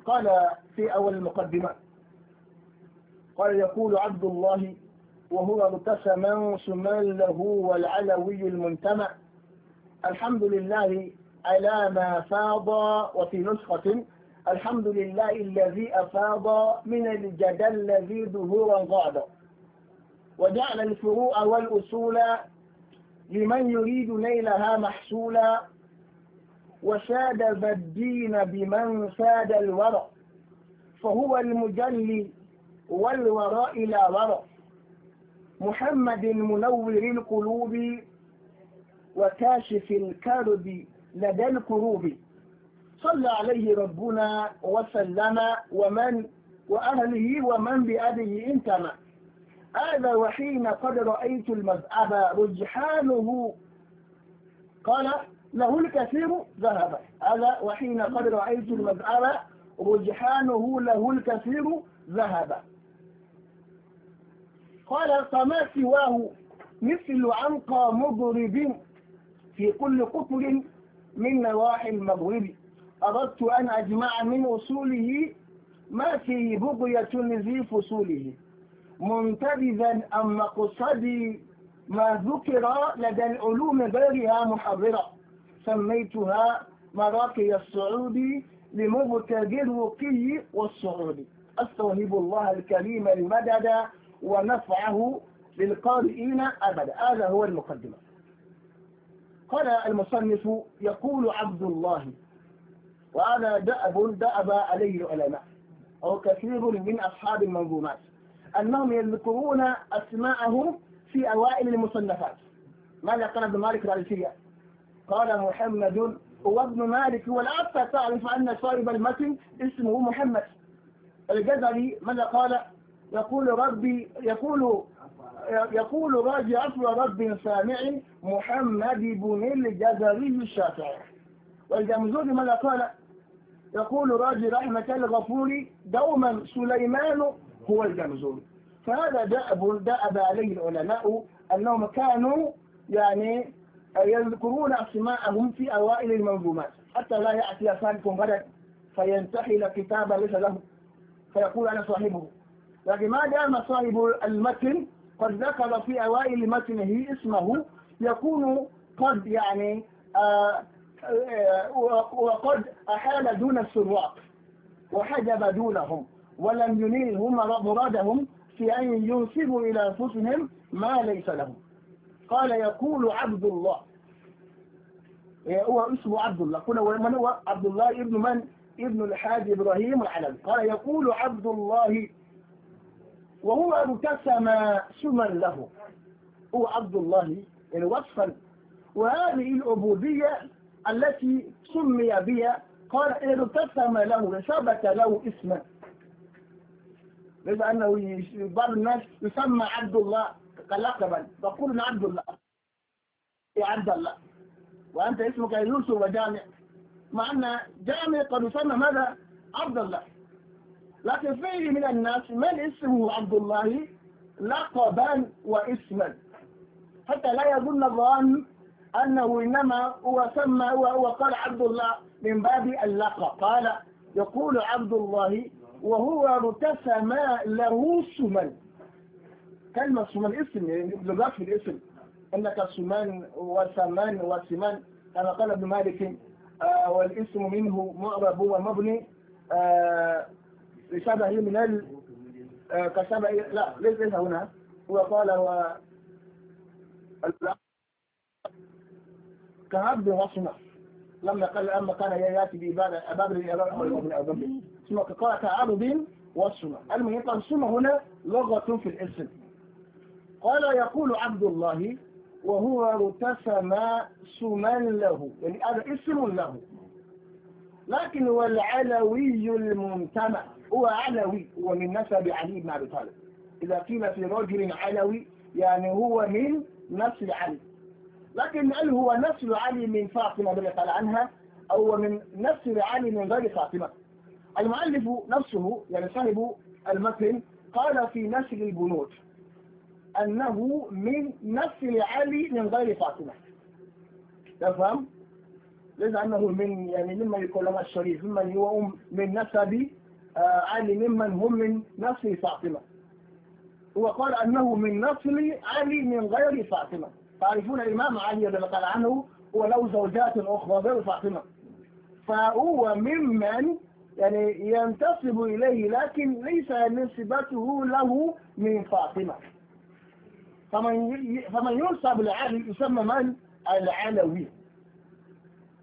قال في أول المقدمة قال يقول عبد الله وهو مبتسما له والعلوي المنتمع الحمد لله على ما فاض وفي نسخة الحمد لله الذي أفاض من الجدل الذي ظهورا غاض وجعل الفروع والأصول لمن يريد نيلها محصولا وساد ذا الدين بمن ساد الورع فهو المجلي والوراء لا ورع محمد منور القلوب وكاشف الكرب لدى الكروب صلى عليه ربنا وسلم ومن وأهله ومن بأبيه انتمى هذا وحين قد رأيت المذهب رجحانه قال له الكثير ذهب هذا وحين قد رأيت المذهب رجحانه له الكثير ذهب قال فما سواه مثل عنقى مضرب في كل قطر من نواحي المغرب أردت أن أجمع من أصوله ما فيه بغية ذي فصوله منتبذا أم مقصدي ما ذكر لدى العلوم غيرها محررة سميتها مراقي السعودي لمبتدئ الرقي والسعودي أستوهب الله الكريم المدد ونفعه للقارئين أبدا هذا هو المقدمة قال المصنف يقول عبد الله وهذا دأب دأب عليه العلماء أو كثير من أصحاب المنظومات أنهم يذكرون أسماءهم في أوائل المصنفات ماذا قال ابن مالك الرئيسية قال محمد هو ابن مالك والأبتى تعرف أن صاحب المتن اسمه محمد الجزري ماذا قال يقول ربي يقول يقول راجي أصل رب سامع محمد بن الجزري الشافعي والجمزوري ماذا قال يقول راجي رحمة الغفور دوما سليمان هو الجمزوري فهذا دأب دأب عليه العلماء أنهم كانوا يعني يذكرون أسماءهم في أوائل المنظومات حتى لا يأتي أسماءكم غدا فينتحل كتابا ليس له فيقول أنا صاحبه لكن ما دام صاحب المتن قد ذكر في أوائل متنه اسمه يكون قد يعني آه، آه، وقد أحال دون السراق وحجب دونهم ولم ينيلهم مرادهم في أن ينسبوا إلى أنفسهم ما ليس لهم قال يقول عبد الله إيه، هو اسمه عبد الله قلنا من هو عبد الله ابن من ابن الحاج إبراهيم العلوي قال يقول عبد الله وهو ارتسم سما له هو عبد الله يعني وصفا وهذه العبودية التي سمي بها قال ارتسم له ثبت له اسما لذا أنه بعض الناس يسمى عبد الله لقبا يقول عبد الله يا عبد الله وأنت اسمك يوسف وجامع مع أن جامع قد يسمى ماذا عبد الله لكن فيه من الناس من اسمه عبد الله لقبا واسما حتى لا يظن الظن أنه إنما هو سمى هو, هو قال عبد الله من باب اللقب قال يقول عبد الله وهو ارتسم له سما كلمة سمن اسم يعني لغات في الاسم أنك سمان وسمان وسمان كما قال ابن مالك آه، والاسم منه معرب ومبني آه، بشبه من ال كشبه آه، لا ليس ليس هنا هو قال و كعبد رسمه لما قال أما كان يأتي بإبادة أبابر الإبادة ثم قال كعبد والسمة المهم قال السمة هنا لغة في الاسم قال يقول عبد الله وهو ارتسم سما له يعني هذا اسم له لكن هو العلوي الممتنع هو علوي هو من نسب علي بن أبي طالب إذا قيل في رجل علوي يعني هو من نسل علي لكن هل هو نسل علي من فاطمة رضي الله عنها أو من نسل علي من غير فاطمة المؤلف نفسه يعني صاحب المتن قال في نسل البنود أنه من نسل علي من غير فاطمة تفهم؟ ليس أنه من يعني ممن لنا الشريف ممن هو أم من نسب آه، علي ممن هم من نسل فاطمة هو قال أنه من نسل علي من غير فاطمة تعرفون الإمام علي الذي قال عنه هو له زوجات أخرى غير فاطمة فهو ممن يعني ينتسب إليه لكن ليس نسبته له من فاطمة فمن فمن ينسب لعلي يسمى من؟ العلوي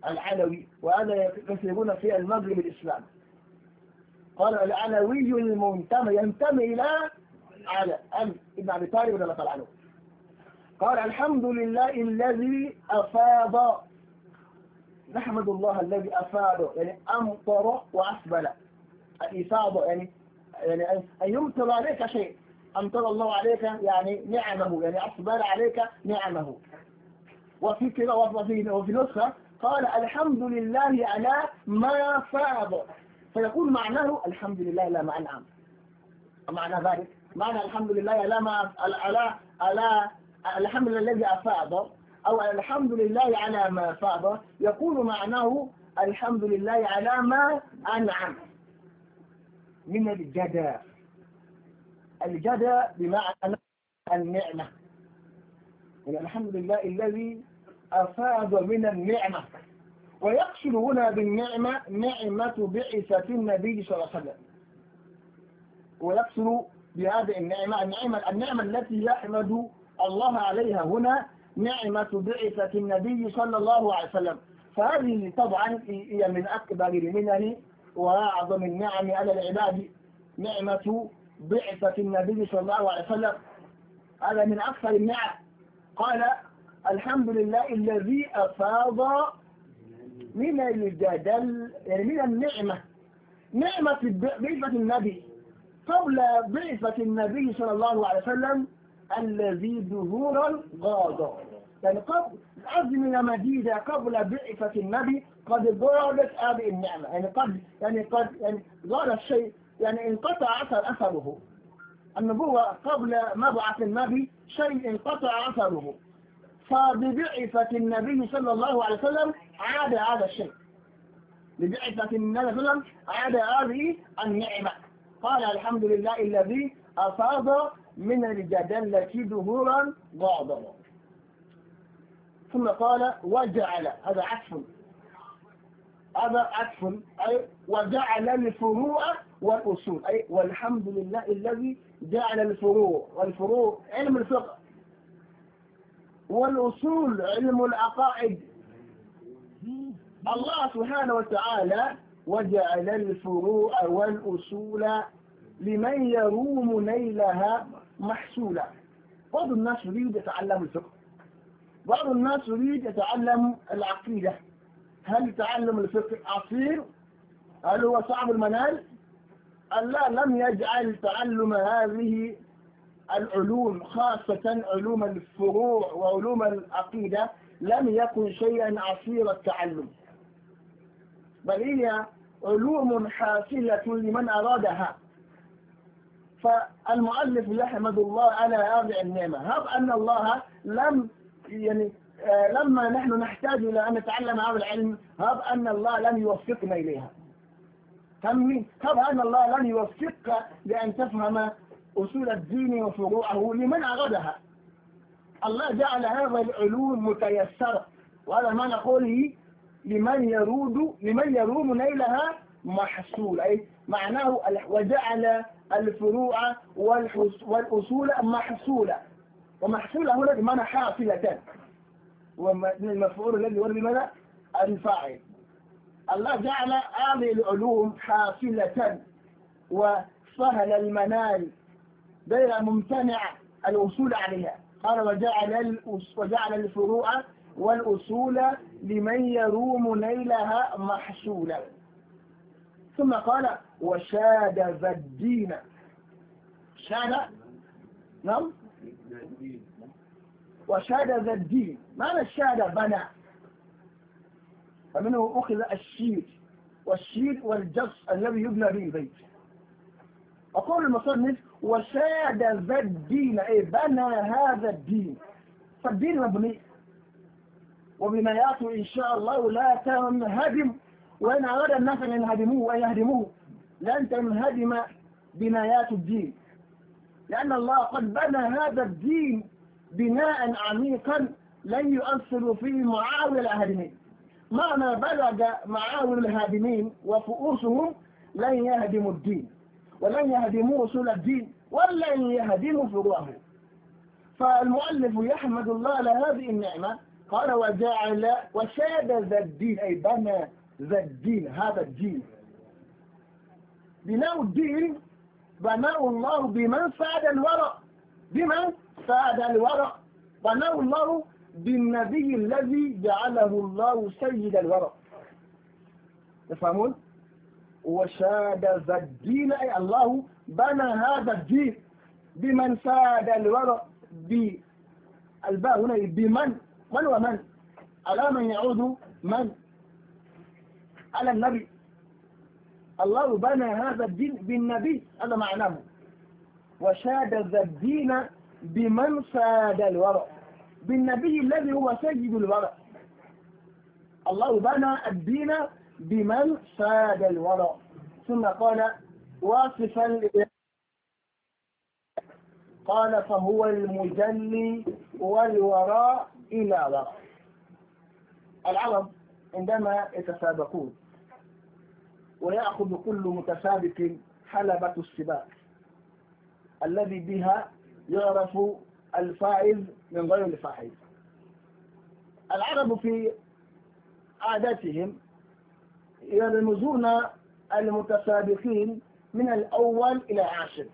العلوي وهذا يكتبون في المغرب الإسلام قال العلوي المنتمي ينتمي إلى على أم ابن عبد طالب ولا طلع له قال الحمد لله الذي أفاض نحمد الله الذي أفاض يعني أمطر وأسبل الإفاض يعني يعني أن يمطر عليك شيء أمطر الله عليك يعني نعمه يعني أسبل عليك نعمه وفي كده وفي, وفي نسخة قال الحمد لله على ما فاض فيقول معناه الحمد لله لا مع العام معنى ذلك معنى الحمد لله على ما على على الحمد لله الذي أفاض أو الحمد لله على ما فاض يقول معناه الحمد لله على ما أنعم من الجدى الجدى بمعنى النعمة الحمد لله الذي أفاد من النعمة ويقصد هنا بالنعمة نعمة بعثة النبي صلى الله عليه وسلم ويقصد بهذه النعمة النعمة, النعمة التي يحمد الله عليها هنا نعمة بعثة النبي صلى الله عليه وسلم فهذه طبعا هي من أكبر المنن وأعظم النعم على العباد نعمة بعثة النبي صلى الله عليه وسلم هذا من أكثر النعم قال الحمد لله الذي أفاض من الجدل يعني من النعمة نعمة بعثة النبي قبل بعثة النبي صلى الله عليه وسلم الذي ظهورا غاضا يعني قبل أزمنة مديدة قبل بعثة النبي قد ضربت هذه النعمة يعني قد يعني قد يعني ظهر الشيء يعني انقطع أثر أثره النبوة قبل مبعث النبي شيء انقطع أثره فببعثة النبي صلى الله عليه وسلم عاد هذا الشيء ببعثة النبي صلى الله عليه وسلم عاد هذه النعمة قال الحمد لله الذي أفاض من الجدلة ظهورا غاضبا ثم قال وجعل هذا عطف هذا عطف أي وجعل الفروع والأصول أي والحمد لله الذي جعل الفروع والفروع علم الفقه والأصول علم العقائد الله سبحانه وتعالى وجعل الفروع والأصول لمن يروم نيلها محصولا بعض الناس يريد يتعلم الفقه بعض الناس يريد يتعلم العقيدة هل تعلم الفقه عصير؟ هل هو صعب المنال؟ الله لم يجعل تعلم هذه العلوم خاصة علوم الفروع وعلوم العقيدة لم يكن شيئا عسير التعلم بل هي علوم حاصلة لمن أرادها فالمؤلف يحمد الله على هذه النعمة هب أن الله لم يعني آه، لما نحن نحتاج إلى أن نتعلم هذا العلم هب أن الله لم يوفقنا إليها هب أن الله لم يوفقك لأن تفهم أصول الدين وفروعه لمن أرادها الله جعل هذا العلوم متيسرة وهذا معنى قوله لمن يرود لمن يروم نيلها محصول أي معناه وجعل الفروع والأصول محصولة ومحصولة هنا بمعنى حاصلة المفعول الذي ورد بمعنى الفاعل الله جعل هذه العلوم حاصلة وسهل المنال غير ممتنع الوصول عليها قال وجعل وجعل الفروع والأصول لمن يروم نيلها محصولا ثم قال وشاد ذا الدين شاد نعم وشاد ذا الدين معنى الشاد بنى فمنه أخذ الشيد والشيد والجص الذي يبنى به البيت وقول المصنف وشاد ذا الدين أي بنى هذا الدين فالدين مبني وبناياته إن شاء الله لا تنهدم وإن أراد الناس أن ينهدموه وأن يهدموه لن تنهدم بنايات الدين لأن الله قد بنى هذا الدين بناء عميقا لن يؤثر فيه معاول الهادمين معنى بلغ معاول الهادمين وفؤوسهم لن يهدموا الدين ولن يهدموا أصول الدين ولن يهدموا فروعه فالمؤلف يحمد الله على هذه النعمة قال وجعل وشاد ذا الدين أي بنى ذا الدين هذا الدين بناء الدين بناه الله بمن ساد الورع بمن ساد الورع بناه الله بالنبي الذي جعله الله سيد الورع تفهمون؟ وشاد ذا الدين أي الله بنى هذا الدين بمن ساد الورع الباء هنا بمن من ومن على من يعود من على النبي الله بنى هذا الدين بالنبي هذا معناه وشاد ذا الدين بمن ساد الورع بالنبي الذي هو سيد الورع الله بنى الدين بمن فاد الورع ثم قال واصفا قال فهو المجلي والوراء إلى وراء العرب عندما يتسابقون ويأخذ كل متسابق حلبة السباق الذي بها يعرف الفائز من غير الفائز العرب في عاداتهم يرمزون المتسابقين من الأول إلى عاشر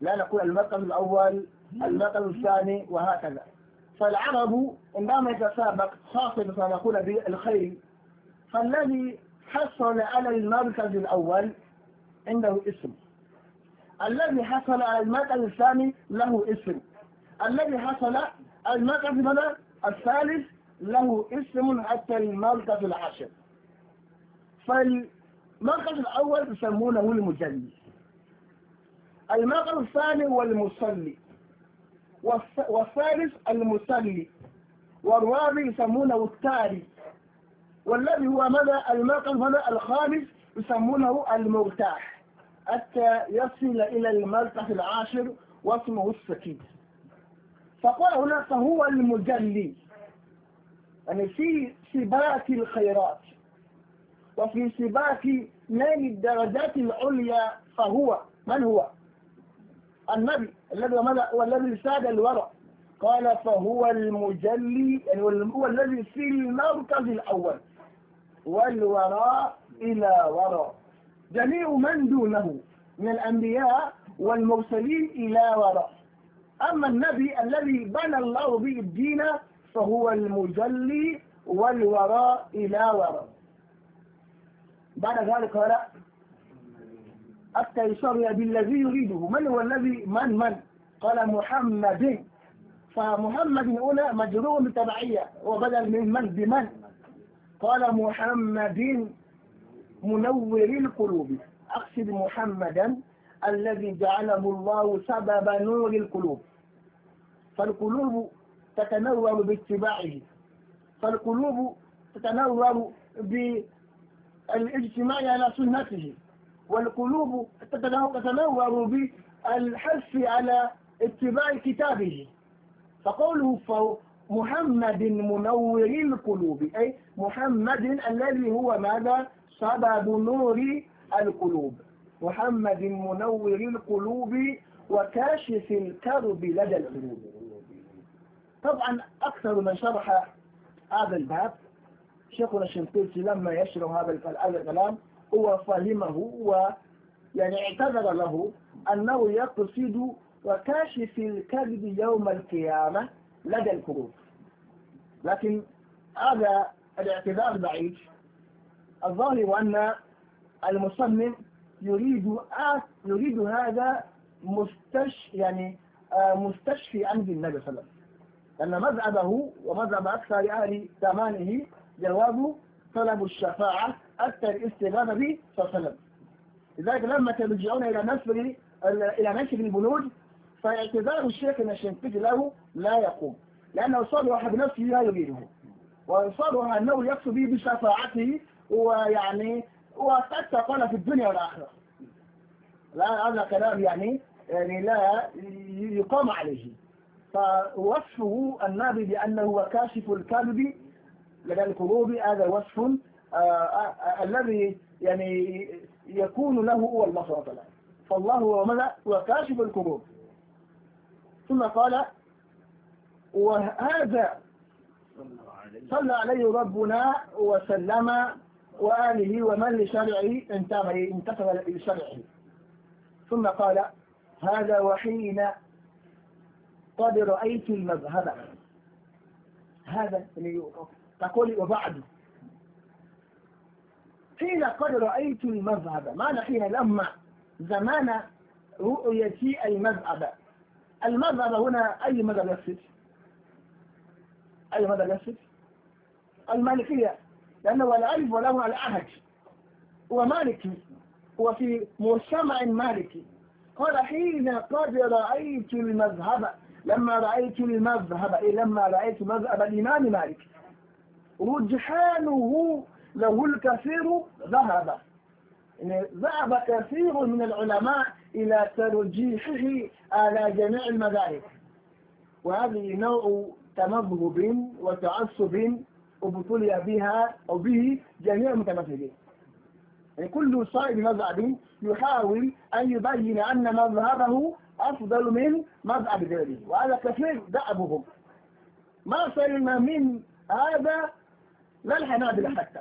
لا نقول المركز الأول المركز الثاني وهكذا فالعرب عندما يتسابق خاصة نقول بالخيل فالذي حصل على المركز الأول عنده اسم الذي حصل على المركز الثاني له اسم الذي حصل على المركز الثالث له اسم حتى المركز العاشر فالمركز الأول يسمونه المجلي المركز الثاني هو المصلي والثالث المصلي والرابع يسمونه التالي والذي هو ماذا المركز هنا الخامس يسمونه المرتاح حتى يصل إلى المركز العاشر واسمه السكين فقال هناك هو المجلي يعني في سباق الخيرات وفي سباق نيل الدرجات العليا فهو من هو النبي الذي هو الذي ساد الورع قال فهو المجلي يعني هو الذي في المركز الأول والوراء إلى وراء جميع من دونه من الأنبياء والمرسلين إلى وراء أما النبي الذي بنى الله به الدين فهو المجلي والوراء إلى وراء بعد ذلك قال حتى يسري بالذي يريده من هو الذي من من قال محمد فمحمد هنا مجرور بتبعية وبدل من من بمن قال محمد منور القلوب أقصد محمدا الذي جعله الله سبب نور القلوب فالقلوب تتنور باتباعه فالقلوب تتنور ب الاجتماع على سنته والقلوب تتنور بالحث على اتباع كتابه فقوله فهو محمد منور القلوب أي محمد الذي هو ماذا سبب نور القلوب محمد منور القلوب وكاشف الكرب لدى القلوب طبعا أكثر من شرح هذا الباب شيخنا الشنقيطي لما يشرح هذا الكلام هو فهمه ويعني اعتذر له أنه يقصد وكاشف الكذب يوم القيامة لدى الكروب لكن هذا الاعتذار بعيد الظاهر أن المصمم يريد يريد هذا مستش يعني مستشفي عن النبي صلى الله عليه وسلم لأن مذهبه ومذهب أكثر أهل زمانه جواب طلب الشفاعة أتى الاستغاثة به صلى الله عليه وسلم لذلك لما ترجعون إلى نسب إلى نسب البنود فاعتذار الشيخ النشنقيطي له لا يقوم لأنه واحد بنفسه لا يريده وصالحها أنه يقصد به بشفاعته ويعني وقد تقال في الدنيا والآخرة لا هذا كلام يعني يعني لا يقام عليه فوصفه النبي بأنه كاشف الكذب لدى القلوب هذا وصف آه، آه، الذي يعني يكون له هو المصرف له فالله هو ملأ وكاشف الكروب ثم قال وهذا صلى عليه ربنا وسلم وآله ومن لشرعه انتهى انتقل لشرعه ثم قال هذا وحين قد رأيت المذهب هذا تقولي وبعد حين قد رأيت المذهب معنى حين لما زمان رؤيتي المذهب المذهب هنا أي مذهب يفسد أي مذهب يفسد المالكية لأنه ولا ألف ولا على عهد هو مالكي هو في مجتمع مالكي قال حين قد رأيت المذهب لما رأيت المذهب إيه لما رأيت مذهب الإمام مالك رجحانه له الكثير ذهب يعني ذهب كثير من العلماء إلى ترجيحه على جميع المذاهب وهذه نوع تمذهب وتعصب ابتلي بها أو به جميع المتمثلين يعني كل صائب مذهب يحاول أن يبين أن مذهبه أفضل من مذهب غيره وهذا كثير دأبهم ما سلم من هذا لا الحنابلة حتى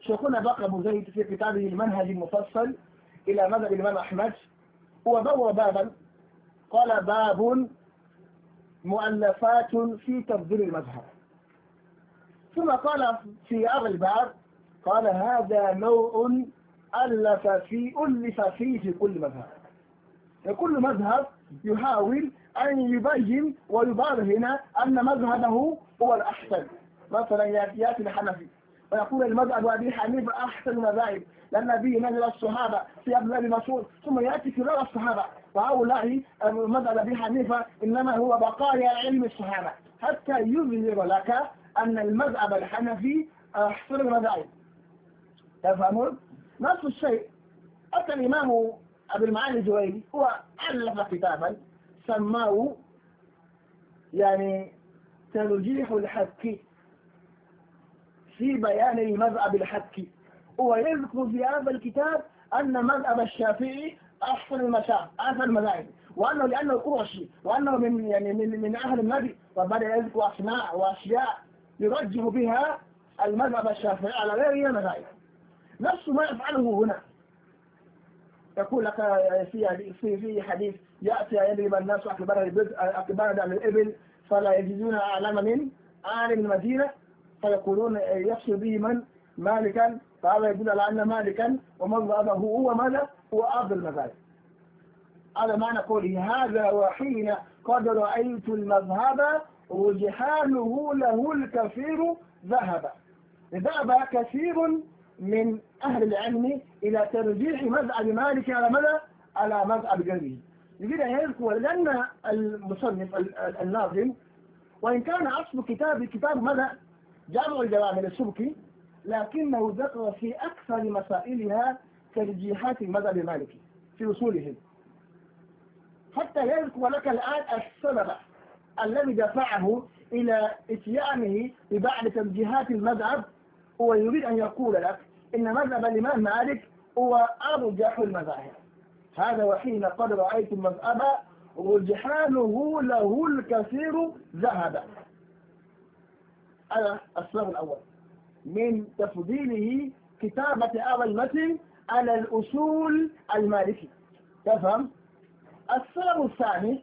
شيخنا بقى أبو زيد في كتابه المنهج المفصل إلى مذهب الإمام أحمد وبوى بابا قال باب مؤلفات في تفضيل المذهب ثم قال في هذا الباب قال هذا نوع ألف في ألف فيه في كل مذهب كل مذهب يحاول أن يبين ويبرهن أن مذهبه هو الأحسن مثلا ياتي الحنفي ويقول المذهب أبي حنيفة أحسن المذاهب لأن به نزل الصحابة في أبناء مسعود ثم يأتي في كبار الصحابة وهؤلاء المذهب أبي حنيفة إنما هو بقايا علم الصحابة حتى يظهر لك أن المذهب الحنفي أحسن المذاهب تفهمون؟ نفس الشيء أتى الإمام أبي المعالي الجويني هو ألف كتابا سماه يعني ترجيح الحكي في بيان الحكي هو ويذكر في هذا الكتاب أن مذهب الشافعي أحسن المشاعر أحسن المذاهب وأنه لأنه قرشي وأنه من يعني من من أهل النبي وبدأ يذكر أسماء وأشياء يرجح بها المذهب الشافعي على غير المذاهب نفس ما يفعله هنا يقول لك في في في حديث يأتي يضرب الناس أكبر الإبل فلا يجدون أعلم من أهل المدينة فيقولون يفسد إيه، به من مالكا فهذا يدل على أن مالكا ومن هو ماذا هو أرض المذاهب هذا معنى قوله هذا وحين قد رأيت المذهب رجحانه له الكثير ذهب ذهب كثير من أهل العلم إلى ترجيح مذهب مالك على ماذا؟ على مذهب جميل. لذلك يذكر لأن المصنف الناظم وإن كان أصل كتاب كتاب ماذا؟ جامع الجواهر السبكي لكنه ذكر في أكثر مسائلها ترجيحات المذهب المالكي في أصولهم حتى يذكر لك الآن السبب الذي دفعه إلى إتيانه ببعض ترجيحات المذهب هو يريد أن يقول لك إن مذهب الإمام مالك هو أرجح المذاهب هذا وحين قد رأيت المذهب رجحانه له الكثير ذهبا على الصف الأول من تفضيله كتابة هذا المتن على الأصول المالكي تفهم؟ السبب الثاني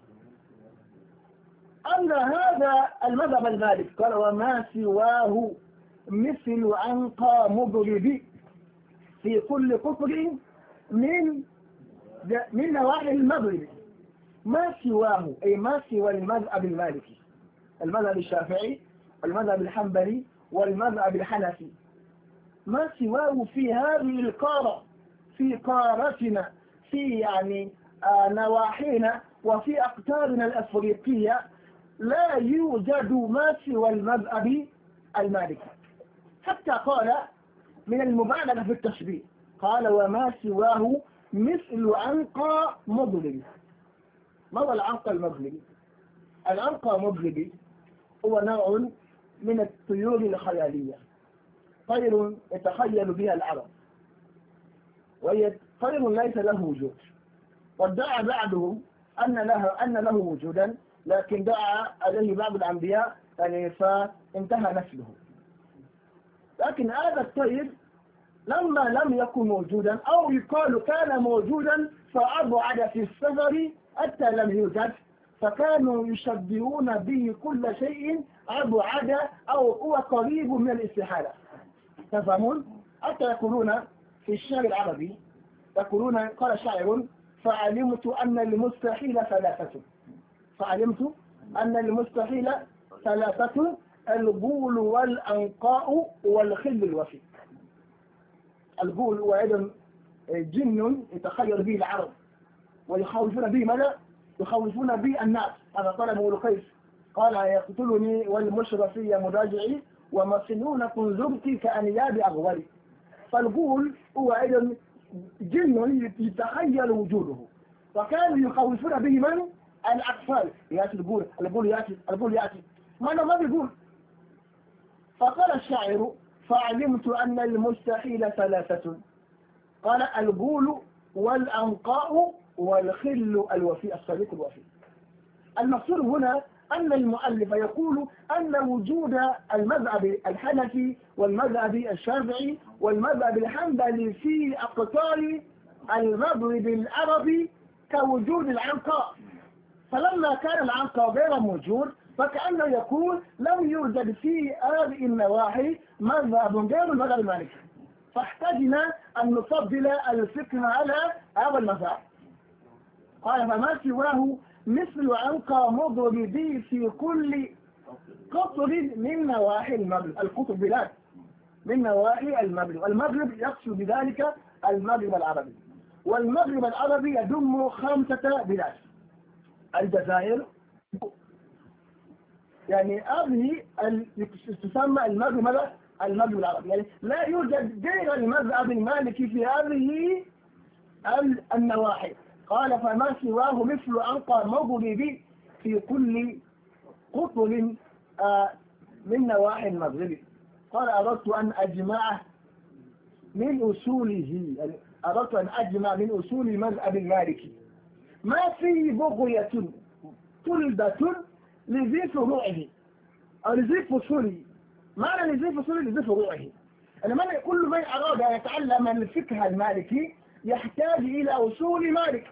أن هذا المذهب المالك قال وما سواه مثل عنقى مضرب في كل كفر من من نواحي المغرب ما سواه أي ما سوى المذهب المالكي المذهب الشافعي المذهب الحنبلي والمذهب الحنفي ما سواه في هذه القارة في قارتنا في يعني آه، نواحينا وفي أقطارنا الأفريقية لا يوجد ما سوى المذهب المالكي حتى قال من المبالغة في التشبيه قال وما سواه مثل عنقى مظلم ما هو العنقى المظلم؟ العنقى المظلم هو نوع من الطيور الخيالية طير يتخيل بها العرب وهي طير ليس له وجود وادعى بعضهم أن له أن له وجودا لكن دعا عليه بعض الأنبياء يعني فانتهى نسله لكن هذا الطير لما لم يكن موجودا أو يقال كان موجودا فأبعد في السفر حتى لم يوجد فكانوا يشبهون به كل شيء أبعد أو هو قريب من الاستحالة تفهمون؟ حتى يقولون في الشعر العربي يقولون قال شاعر فعلمت أن المستحيل ثلاثة فعلمت أن المستحيل ثلاثة البول والأنقاء والخل الوفي البول هو أيضا جن يتخير به العرب ويخوفون به ماذا؟ يخوفون به الناس هذا طلبه لقيس قال يقتلني والمشرفية مراجعي ومسنون كنزبتي كأنياب أغوري فالقول هو أيضا جن يتخيل وجوده وكانوا يخوفون به من؟ الأطفال يأتي القول القول يأتي القول يأتي ما أنا ما بيقول فقال الشاعر فعلمت أن المستحيل ثلاثة قال القول والأنقاء والخل الوفي الصديق الوفي المقصود هنا أن المؤلف يقول أن وجود المذهب الحنفي والمذهب الشافعي والمذهب الحنبلي في أقطار المغرب العربي كوجود العنقاء فلما كان العنقاء غير موجود فكأنه يقول لم يوجد في هذه النواحي مذهب غير المذهب المالكي فاحتجنا أن نفضل الفقه على هذا المذهب قال فما سواه مثل ألقى مضربي في كل قطر من نواحي المغرب القطر بلاد من نواحي المغرب المغرب يقصد بذلك المغرب العربي والمغرب العربي يضم خمسة بلاد الجزائر يعني هذه تسمى المغرب المغرب العربي يعني لا يوجد غير المذهب المالكي في هذه النواحي قال فما سواه مثل أنقى مضرب في كل قطل آه، من نواحي المغرب قال أردت أن أجمع من أصوله يعني أردت أن أجمع من أصول مذهب المالكي ما في بغية طلبة لذي فروعه أو لذي فصوله معنى لذي فصوله لذي فروعه أنا كل من أراد أن يتعلم الفقه المالكي يحتاج إلى أصول مالك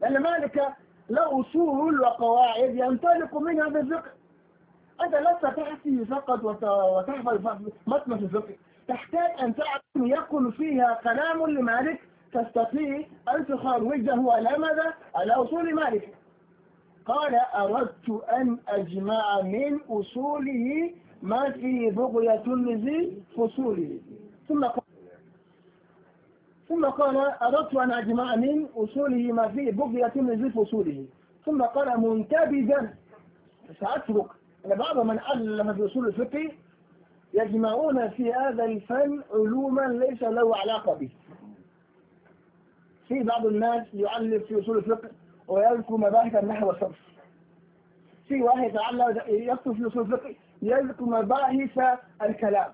لأن مالك له أصول وقواعد ينطلق منها بالذكر أنت لست تحفي فقط وتحفظ مطمس الذكر تحتاج أن تعلم يكون فيها كلام لمالك تستطيع أن تخرجه على ماذا؟ على أصول مالك قال أردت أن أجمع من أصوله ما فيه بغية لذي فصوله ثم قال ثم قال أردت أن أجمع من أصوله ما فيه بغية من زيف أصوله ثم قال منتبذا سأترك أن بعض من علم في أصول الفقه يجمعون في هذا الفن علوما ليس له علاقة به في بعض الناس يعلم في أصول الفقه ويذكر مباحث النحو والصرف في واحد يتعلم يكتب في أصول الفقه يذكر مباحث الكلام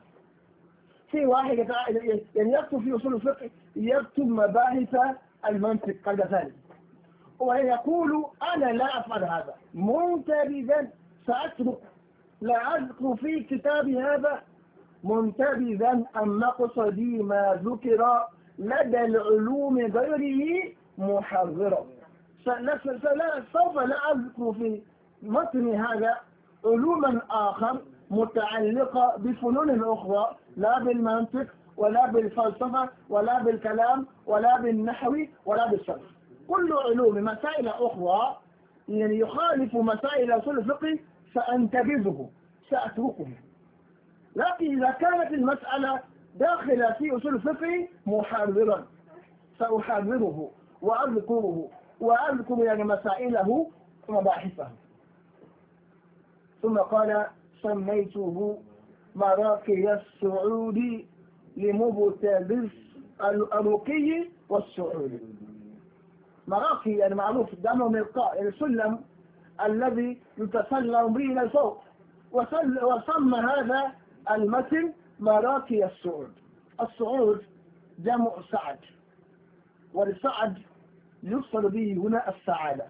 في واحد يعني يكتب في أصول الفقه يكتب مباحث المنطق قد ذلك ويقول أنا لا أفعل هذا منتبذا سأترك لا أذكر في كتابي هذا منتبذا أن مقصدي ما ذكر لدى العلوم غيره محررا سوف لا أذكر في متن هذا علوما آخر متعلقة بفنون أخرى لا بالمنطق ولا بالفلسفة ولا بالكلام ولا بالنحو ولا بالصرف كل علوم مسائل أخرى يعني يخالف مسائل أصول الفقه سأنتبذه سأتركه لكن إذا كانت المسألة داخلة في أصول الفقه محررا سأحرره وأذكره وأذكر يعني مسائله ومباحثه ثم قال سميته مراقي السعود لمبتدئ الرقي والسعودي مراقي يعني معروف دمه مرقاء السلم يعني الذي يتسلم به إلى الفوق وسمى هذا المثل مراقي السعود السعود جمع سعد والسعد يقصد به هنا السعادة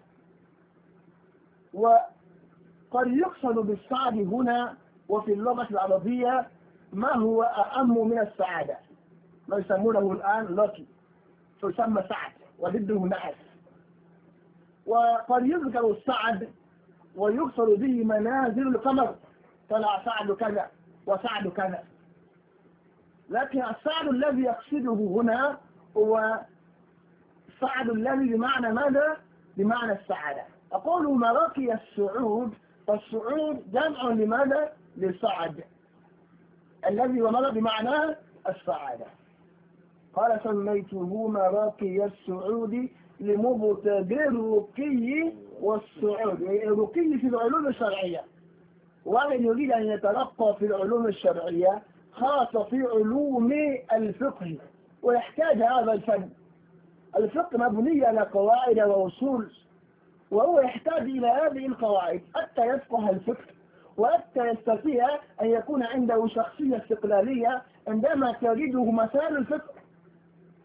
وقد يقصد بالسعد هنا وفي اللغة العربية ما هو أهم من السعادة ما يسمونه الآن لوكي تسمى سعد وضده نعس وقد يذكر السعد ويكثر به منازل القمر طلع سعد كذا وسعد كذا لكن السعد الذي يقصده هنا هو سعد الذي بمعنى ماذا؟ بمعنى السعادة أقول مراقي السعود فالسعود جمع لماذا؟ لسعد الذي ومر بمعنى السعادة قال سميتهما راقي السعود لمبتدئ الرقي والسعود يعني الرقي في العلوم الشرعية ومن يريد أن يتلقى في العلوم الشرعية خاصة في علوم الفقه ويحتاج هذا الفن الفقه مبني على قواعد وأصول وهو يحتاج إلى هذه القواعد حتى يفقه الفقه وحتى يستطيع أن يكون عنده شخصية استقلالية عندما تجده مسار الفقه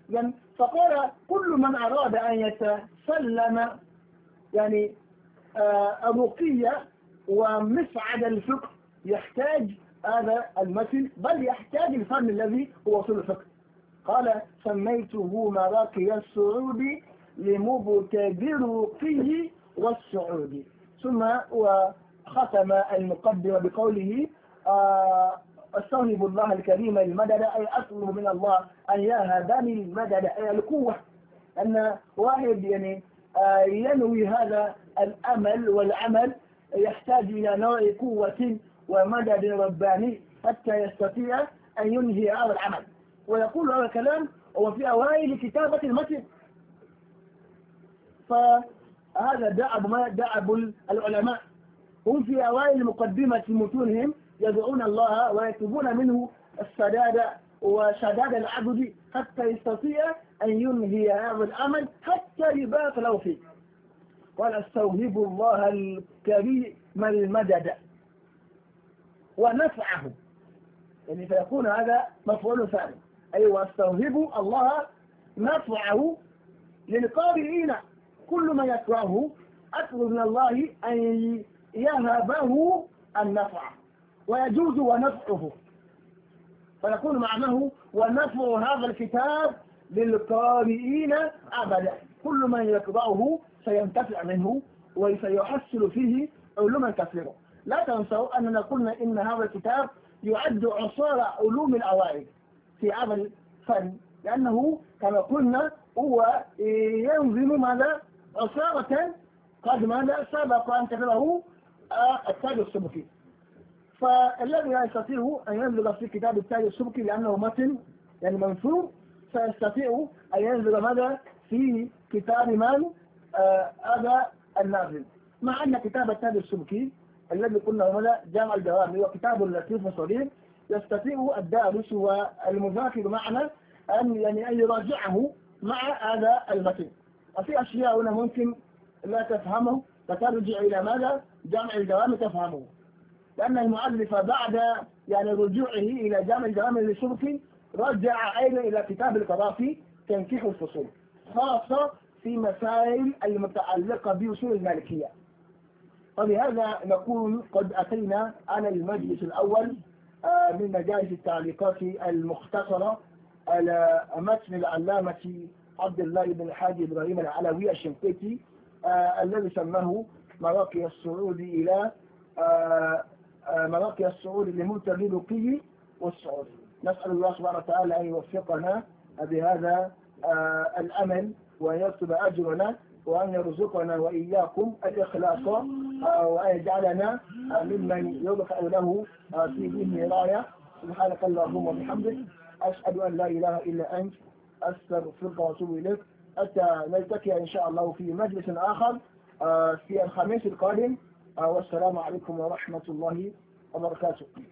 يعني فقال كل من أراد أن يتسلم يعني الرقية آه، ومسعد الفقه يحتاج هذا المثل بل يحتاج الفن الذي هو أصول الفقه قال سميته مراقي السعود لمبتدر والسعود ثم و ختم المقدمة بقوله آه استغرب الله الكريم المدد أي أطلب من الله أن يهدني المدد أي القوة أن واحد يعني آه، ينوي هذا الأمل والعمل يحتاج إلى نوع قوة ومدد رباني حتى يستطيع أن ينهي هذا العمل ويقول هذا الكلام هو في أوائل كتابة المسجد فهذا دعب ما دعب العلماء هم في أوائل مقدمة متونهم يدعون الله ويطلبون منه السداد وشداد العبد حتى يستطيع أن ينهي هذا العمل حتى يبات له فيه قال استوهب الله الكريم المدد ونفعه يعني فيكون هذا مفعول ثاني أي واستوهب الله نفعه للقارئين كل ما يكرهه أطلب من الله أن يهبه النفع ويجوز ونفعه فنكون معناه ونفع هذا الكتاب للقارئين أبدا كل من يقرأه سينتفع منه وسيحصل فيه علوما كثيرة لا تنسوا أننا قلنا إن هذا الكتاب يعد عصارة علوم الأوائل في هذا الفن لأنه كما قلنا هو ينظم ماذا عصارة قد ماذا سبق أن تقرأه التاج السبكي فالذي لا يستطيع أن ينزل في كتاب التاج السبكي لأنه متن يعني منثور فيستطيع أن ينزل ماذا في كتاب من آه، هذا النازل مع أن كتاب التاج السبكي الذي قلنا هنا جامع الجوامع هو كتاب لطيف وصغير يستطيع الدارس والمذاكر معنا أن يعني أن يراجعه مع هذا المتن وفي أشياء هنا ممكن لا تفهمه فترجع إلى ماذا؟ جامع الدوام تفهمه لأن المؤلف بعد يعني رجوعه إلى جامع الدوام للشرطي رجع أيضا إلى كتاب القضاء تنكيح الفصول خاصة في مسائل المتعلقة بأصول المالكية فبهذا نكون قد أتينا على المجلس الأول آه، من مجالس التعليقات المختصرة على متن العلامة عبد الله بن الحاج إبراهيم العلوي الشنقيطي آه، الذي سماه مراقي الصعود إلى آه، آه، مراقي الصعود لمنتهي رقي والصعود نسأل الله سبحانه وتعالى أن يوفقنا بهذا آه، الأمل وأن يكتب أجرنا وأن يرزقنا وإياكم الإخلاص وأن يجعلنا ممن يرفع له في ذهنه راية سبحانك اللهم وبحمدك أشهد أن لا إله إلا أنت أستغفرك وأتوب إليك حتى نلتقي إن شاء الله في مجلس آخر آه، في الخميس القادم آه، والسلام عليكم ورحمة الله وبركاته